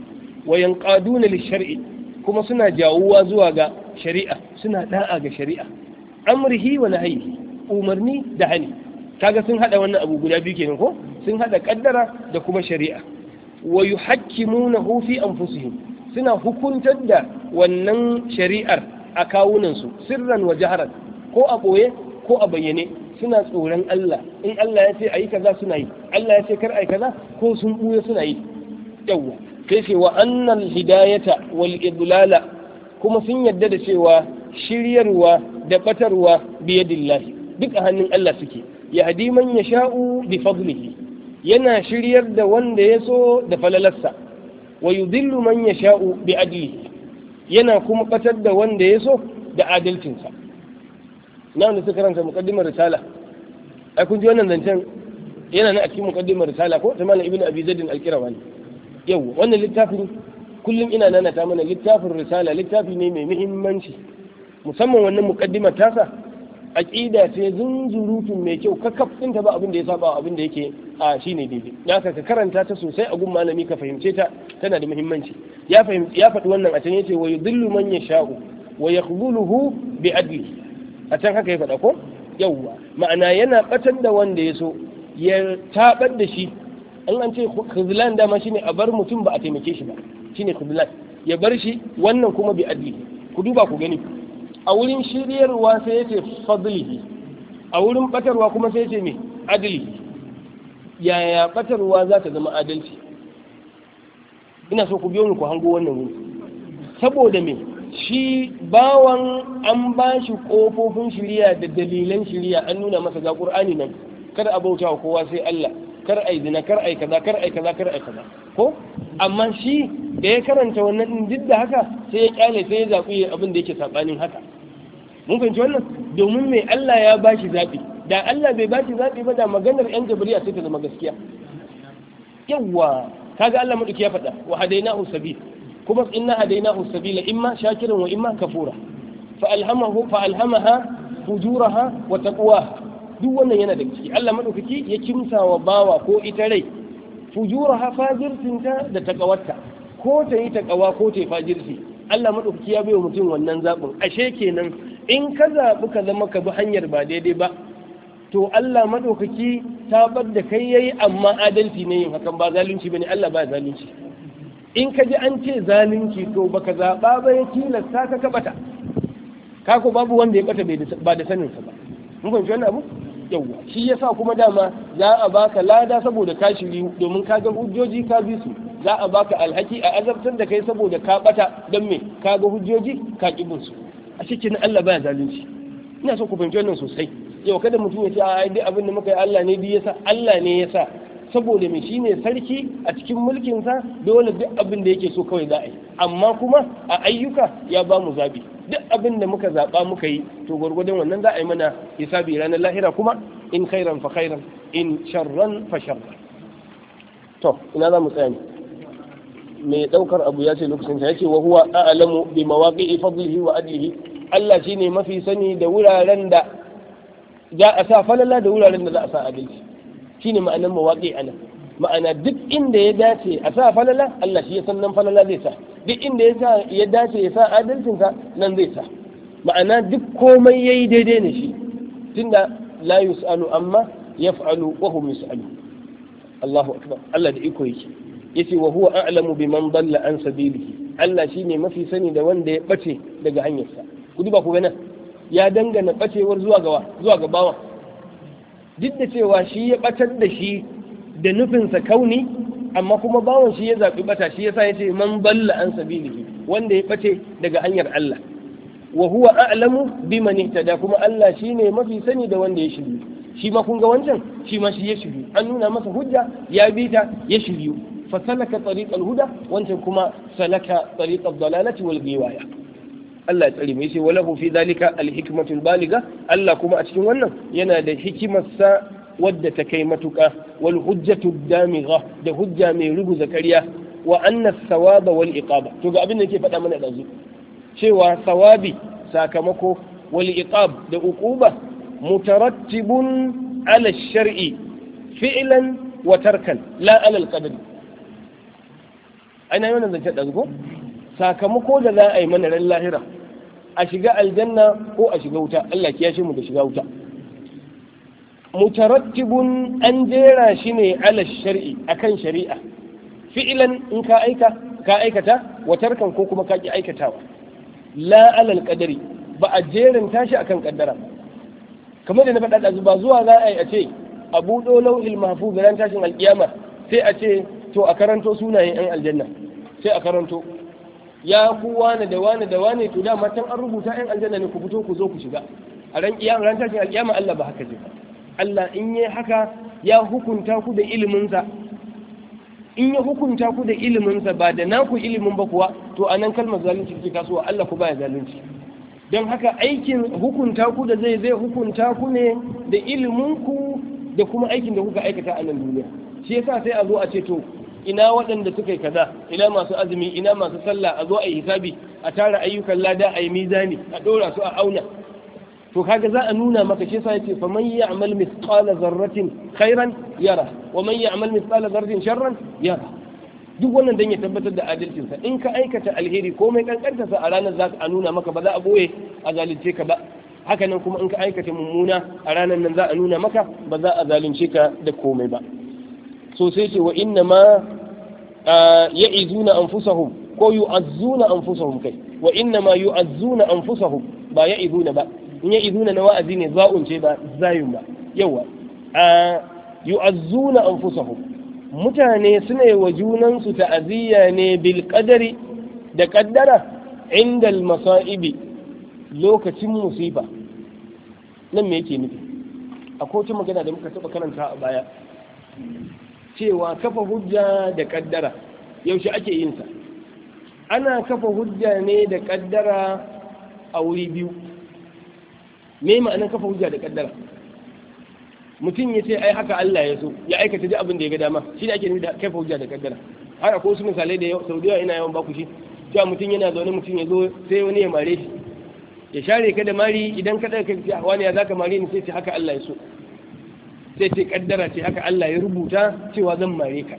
Wayan yanqaduna lishar'i kuma suna jawuwa zuwa ga shari'a suna da'a ga shari'a amrihi wa nahyi umarni da hani kaga sun hada wannan abu guda biyu kenan ko sun hada kaddara da kuma shari'a wa yuhakkimunahu fi anfusihim suna hukuntar da wannan shari'ar a kawunan su sirran wa jaharan ko a ɓoye ko a bayyane suna tsoron Allah in Allah ya ce ayi kaza suna yi Allah ya ce kar ayi kaza ko sun buya suna yi yawa sai ce wa annal hidayata wal idlala kuma sun yadda da cewa shiryarwa da batarwa biyadillahi duk a hannun Allah suke yahdi man yasha'u bi fadlihi yana shiryar da wanda ya so da falalarsa wa yudillu man yasha'u bi adlihi yana kuma batar da wanda ya so da adalcinsa na wanda suka karanta mukaddimar risala ai kun ji wannan zancen yana nan a cikin mukaddimar risala ko tamam ibnu abi zaid al-qirawani Yau, wannan littafin kullum ina nana ta mana littafin risala littafi ne mai muhimmanci musamman wannan ta tasa aqida ce zunzurutun mai kyau ka kafin ta ba abin da ya saba abin da yake a shine daidai ya ka karanta ta sosai a gun malami ka fahimce ta tana da muhimmanci ya fahimci ya faɗi wannan a can yace wa yudillu man yasha'u wa yakhdhuluhu bi adli a can haka ya faɗa ko yawwa ma'ana yana batar da wanda ya so ya taɓar da shi an an ce kuzlan dama shine a bar mutum ba a taimake shi ba shine kuzlan ya bar shi wannan kuma bi adli ku duba ku gani a wurin shiryarwa sai yace fadlihi a wurin batarwa kuma sai yace me adli yaya batarwa za ta zama adalci ina so ku biyo ni ku hango wannan wuri saboda me shi bawan an ba shi ƙofofin shirya da dalilan shirya an nuna masa ga ƙur'ani nan kar a bauta wa kowa sai Allah kar ai zina kar ai kaza kar ai kaza kar ai kaza ko amma shi da ya karanta wannan din duk da haka sai ya kyale sai ya zaɓi abin da yake saɓanin haka mun fahimci wannan domin mai Allah ya ba shi zaɓi da Allah bai ba shi zaɓi ba da maganar yan jabriya sai ta zama gaskiya yawwa kaga Allah madauki ya faɗa wa hadaina usabi kuma inna hadainahu sabila imma shakirin wa imma kafura fa alhamahu fa alhamaha fujuraha wa taqwa duk wannan yana da ciki Allah madaukaki ya kimsa wa bawa ko ita rai fujuraha fajirtinta da taqawarta ko ta yi taqawa ko ta yi fajirti Allah madaukaki ya wa mutum wannan zabin ashe kenan in ka zaɓi ka zama ka bi hanyar ba daidai ba to Allah madaukaki tabar da kai yayi amma adalci ne yin hakan ba zalunci bane Allah ba zalunci in ka ji an ce zalunci to baka zaɓa ba ya tilasta ka ka bata ka ko babu wanda ya bata ba da saninsa ba mun fahimci wannan abu yawwa shi yasa kuma dama za a baka lada saboda ka shiri domin ka ga hujjoji ka bi su za a baka alhaki a azabtar da kai saboda ka bata don me ka ga hujjoji ka ki bin su a cikin Allah baya zalunci ina so ku fahimci wannan sosai yau kada mutum ya ce a dai abin da muka yi Allah ne bi yasa Allah ne yasa saboda mai shine sarki a cikin mulkinsa dole duk abin da yake so kawai za a yi amma kuma a ayyuka ya ba mu zabi duk abin da muka zaɓa muka yi to gwargwadon wannan za a yi mana hisabi ranar lahira kuma in khairan fa khairan in sharran fa sharran to ina za mu tsaya ne mai ɗaukar abu ya ce lokacin sa ya wa huwa a'lamu bi mawaqi'i fadlihi wa adlihi Allah shine mafi sani da wuraren da za a sa falala da wuraren da za a sa adalci shine ma'anar mawaƙi ana ma'ana duk inda ya dace a sa falala Allah shi ya san nan falala zai sa duk inda ya sa ya dace ya sa adalcin sa nan zai sa ma'ana duk komai yayi daidai ne shi tunda la yusalu amma yaf'alu wa hum yusalu Allahu akbar Allah da iko yake yace wa huwa a'lamu biman dalla an sabilihi Allah shine mafi sani da wanda ya bace daga hanyarsa ku duba ku ga nan ya dangana bacewar zuwa ga zuwa ga duk da cewa shi ya batar da shi da nufinsa kauni amma kuma bawan shi ya zaɓi bata shi yasa ya ce man balla an sabilihi wanda ya ɓace daga hanyar Allah wa huwa a'lamu biman da kuma Allah shine mafi sani da wanda ya shiryu shi ma kun ga wancan shi ma shi ya shiryu an nuna masa hujja ya bi ta ya shiryu salaka tariqal huda wancan kuma salaka tariqal dalalati wal ghiwaya Allah ya tsare mai yace walahu fi zalika alhikmatul baliga Allah kuma a cikin wannan yana da hikimarsa wadda ta kai matuƙa wal hujjatu damigha da hujja mai ruguza ƙarya wa anna sawaba wal iqaba to ga abin da yake faɗa mana ɗazu cewa sawabi sakamako wal iqab da uquba mutarattibun ala shar'i fi'lan wa tarkan la ala al qadr ana yana zance ko sakamako da za a yi mana ran lahira a shiga aljanna ko a shiga wuta Allah ya shi mu da shiga wuta mutarattibun an jera shi ne ala shar'i akan shari'a fi'ilan in ka aika ka aikata watarkan ko kuma ka ki aikatawa la alal qadari ba a jerin tashi akan kaddara kamar da na faɗa da ba zuwa za a yi a ce a buɗo lau'il mahfuz ran tashin alƙiyama sai a ce to a karanto sunayen 'yan aljanna sai a karanto ya ku wane da wane da wane to dama can an rubuta yan aljanna ne ku fito ku zo ku shiga a ran kiyama ran tashin alkiyama Allah ba haka ji ba Allah in yi haka ya hukunta ku da iliminsa in ya hukunta ku da iliminsa ba da naku ilimin ba kuwa to a nan kalmar zalunci ke kasuwa Allah ku ba ya zalunci don haka aikin hukunta ku da zai zai hukunta ku ne da ku da kuma aikin da kuka aikata a nan duniya shi yasa sai a zo a ce to ina waɗanda suka yi kaza ina masu azumi ina masu sallah a zo a yi hisabi a tara ayyukan lada a yi mizani a ɗora su a auna to kaga za a nuna maka shi sa yace fa man ya'mal mithqala zarratin khairan yara wa man ya'mal mithqala zarratin sharran yara duk wannan dan ya tabbatar da adalcin sa in ka aikata alheri komai kankanta sa a ranar za a nuna maka ba za a boye a zalunce ka ba haka nan kuma in ka aikata mummuna a ranar nan za a nuna maka ba za a zalunce ka da komai ba so sai ce wa inna ma ya'izuna anfusahum ko an anfusahum kai wa inna ma an anfusahum ba ya'izuna ba in ya'izuna na wa'azi ne za'un ce ba zayun ba yawa an anfusahum mutane suna yi wa junansu ta'aziyya ne bil kadari da kaddara inda masa'ibi lokacin musiba nan me yake nufi a kocin magana da muka taɓa karanta a baya cewa kafa hujja da kaddara yaushe ake yin sa ana kafa hujja ne da kaddara a wuri biyu me ma'anar kafa hujja da kaddara mutum ya ce ai haka Allah ya so ya aikata duk abin da ya ga dama shi ne ake nufi da kafa hujja da kaddara har akwai wasu misalai da Saudiya ina yawan baku shi cewa mutum yana zaune mutum ya zo sai wani ya mare shi ya share ka da mari idan ka ɗaga kai wani ya zaka mari ni sai ce haka Allah ya so sai ce kaddara ce haka Allah ya rubuta cewa zan mare ka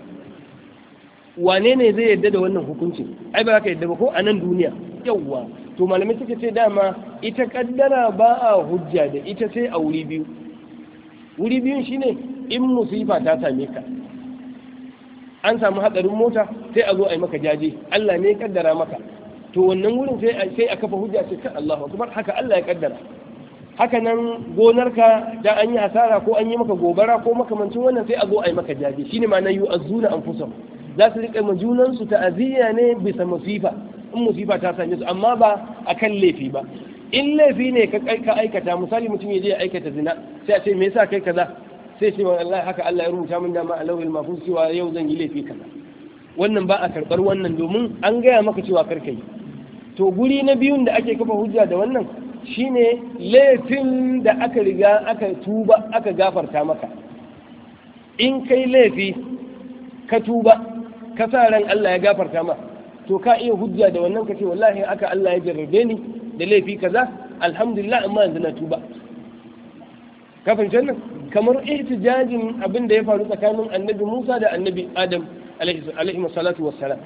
wane ne zai yadda da wannan hukunci ai ba ka yadda ba ko a nan duniya yawwa to malamai suka ce dama ita kaddara ba a hujja da ita sai a wuri biyu wuri biyun shine in musifa ta same ka an samu hatsarin mota sai a zo a yi maka jaje Allah ne ya kaddara maka to wannan wurin sai a kafa hujja ce kan Allahu Kuma haka Allah ya kaddara haka nan gonarka da an yi asara ko an yi maka gobara ko makamancin wannan sai a zo a yi maka jaje shine ne na yi zuna an fusa za su riƙa ma junansu ta'aziyya ne bisa musifa in musifa ta same su amma ba a kan laifi ba in laifi ne ka aikata misali mutum ya je ya aikata zina sai a ce me yasa kai kaza sai ce wallahi haka Allah ya rubuta min dama alawil mafus cewa yau zan yi laifi kaza wannan ba a karɓar wannan domin an gaya maka cewa kar ka to guri na biyun da ake kafa hujja da wannan shine laifin da aka riga aka tuba aka gafarta maka in kai laifi ka tuba ka sa ran Allah ya gafarta ma to ka iya hujja da wannan kace wallahi aka Allah ya jarrabe ni da laifi kaza alhamdulillah amma yanzu na tuba ka fahimci nan kamar ihtijajin abin da ya faru tsakanin annabi Musa da annabi Adam alaihi salatu wassalam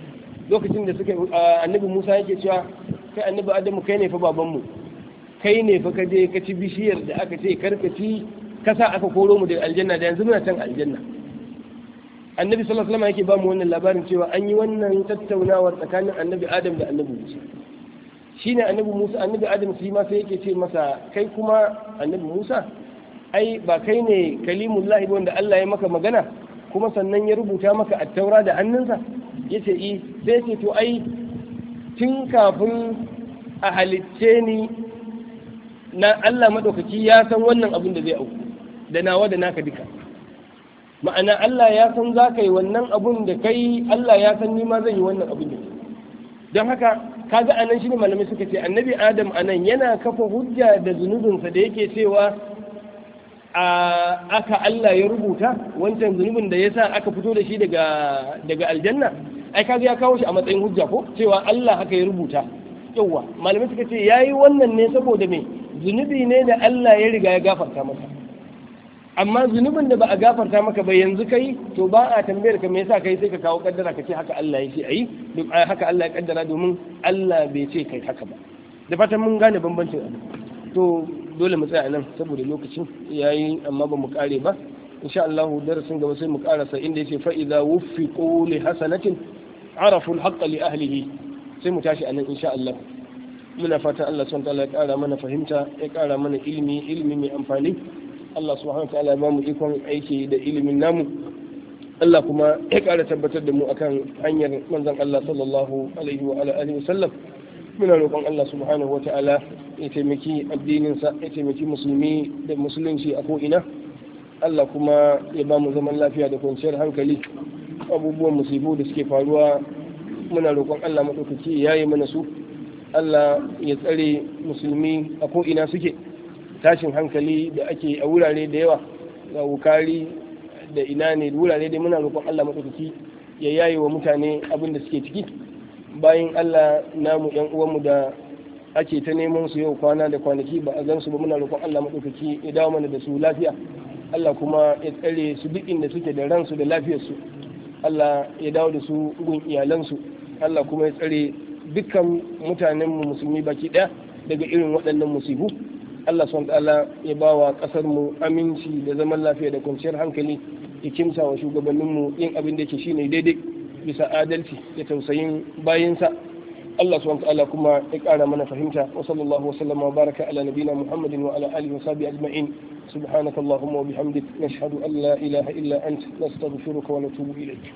lokacin da suka annabi Musa yake cewa kai annabi Adam kai ne fa babanmu kai ne fa ka je ka ci bishiyar da aka ce karka ci kasa aka koro mu da aljanna da yanzu muna can aljanna annabi sallallahu alaihi wasallam yake ba mu wannan labarin cewa an yi wannan tattaunawar tsakanin annabi adam da annabi musa shine annabi musa annabi adam shi ma sai yake ce masa kai kuma annabi musa ai ba kai ne kalimullahi ba wanda Allah ya maka magana kuma sannan ya rubuta maka attaura da hannunsa yace i eh. sai ce to ai tun kafin a halicce ni na Allah maɗaukaki ya san wannan abin da zai auku da nawa da naka duka ma'ana Allah ya san za ka yi wannan abun da kai Allah ya san ni ma zan yi wannan abun da kai don haka kaga anan shine malamai suka ce annabi adam anan yana kafa hujja da zunubinsa da yake cewa a aka Allah ya rubuta wancan zunubin da yasa aka fito da shi daga aljanna ai kaga ya kawo shi a matsayin hujja ko cewa Allah haka ya rubuta yawa malamai suka ce yayi wannan ne saboda me zunubi ne da Allah ya riga ya gafarta maka amma zunubin da ba a gafarta maka ba yanzu kai to ba a tambayar ka me yasa kai sai ka kawo kaddara ka ce haka Allah ya ce ayi haka Allah ya kaddara domin Allah bai ce kai haka ba da fatan mun gane bambancin abu to dole mu tsaya nan saboda lokacin yayi amma ba mu kare ba insha Allah darasin gaba sai mu karasa inda yake fa idza wuffiqu li hasanatin arafu al-haqqa li ahlihi sai mu tashi anan insha Allah muna fata Allah subhanahu ta'ala ya kara mana fahimta ya kara mana ilimi ilimi mai amfani Allah subhanahu ta'ala ya ba mu ikon aiki da ilimin namu Allah kuma ya kara tabbatar da mu akan hanyar manzon Allah sallallahu alaihi wa alihi wasallam muna roƙon Allah subhanahu wa ta'ala ya taimaki addininsa ya taimaki musulmi da musulunci a ko'ina Allah kuma ya ba mu zaman lafiya da kwanciyar hankali abubuwan musibu da suke faruwa muna roƙon Allah maɗaukaki ya yi mana su Allah ya tsare musulmi a ko'ina suke tashin hankali da ake a wurare da yawa ga wukari da ina ne wurare da muna roƙon Allah matsakaki ya yaye wa mutane abin da suke ciki bayan Allah namu yan uwanmu da ake ta neman su yau kwana da kwanaki ba a gansu ba muna roƙon Allah matsakaki ya dawo mana da su lafiya Allah kuma ya tsare su duk inda suke da ransu da lafiyarsu Allah ya dawo da su gun iyalansu Allah kuma ya tsare dukkan mutanen mu musulmi baki ɗaya daga irin waɗannan musibu Allah subhanahu ta'ala ya ba wa ƙasar mu aminci da zaman lafiya da kwanciyar hankali ya wa shugabannin mu yin abin da yake shine daidai bisa adalci da tausayin bayinsa Allah subhanahu ta'ala kuma ya ƙara mana fahimta wa sallallahu wa sallama wa baraka ala nabina Muhammadin wa ala alihi wa sahbihi ajma'in subhanakallahumma wa bihamdik nashhadu an la ilaha illa anta nastaghfiruka wa natubu ilayk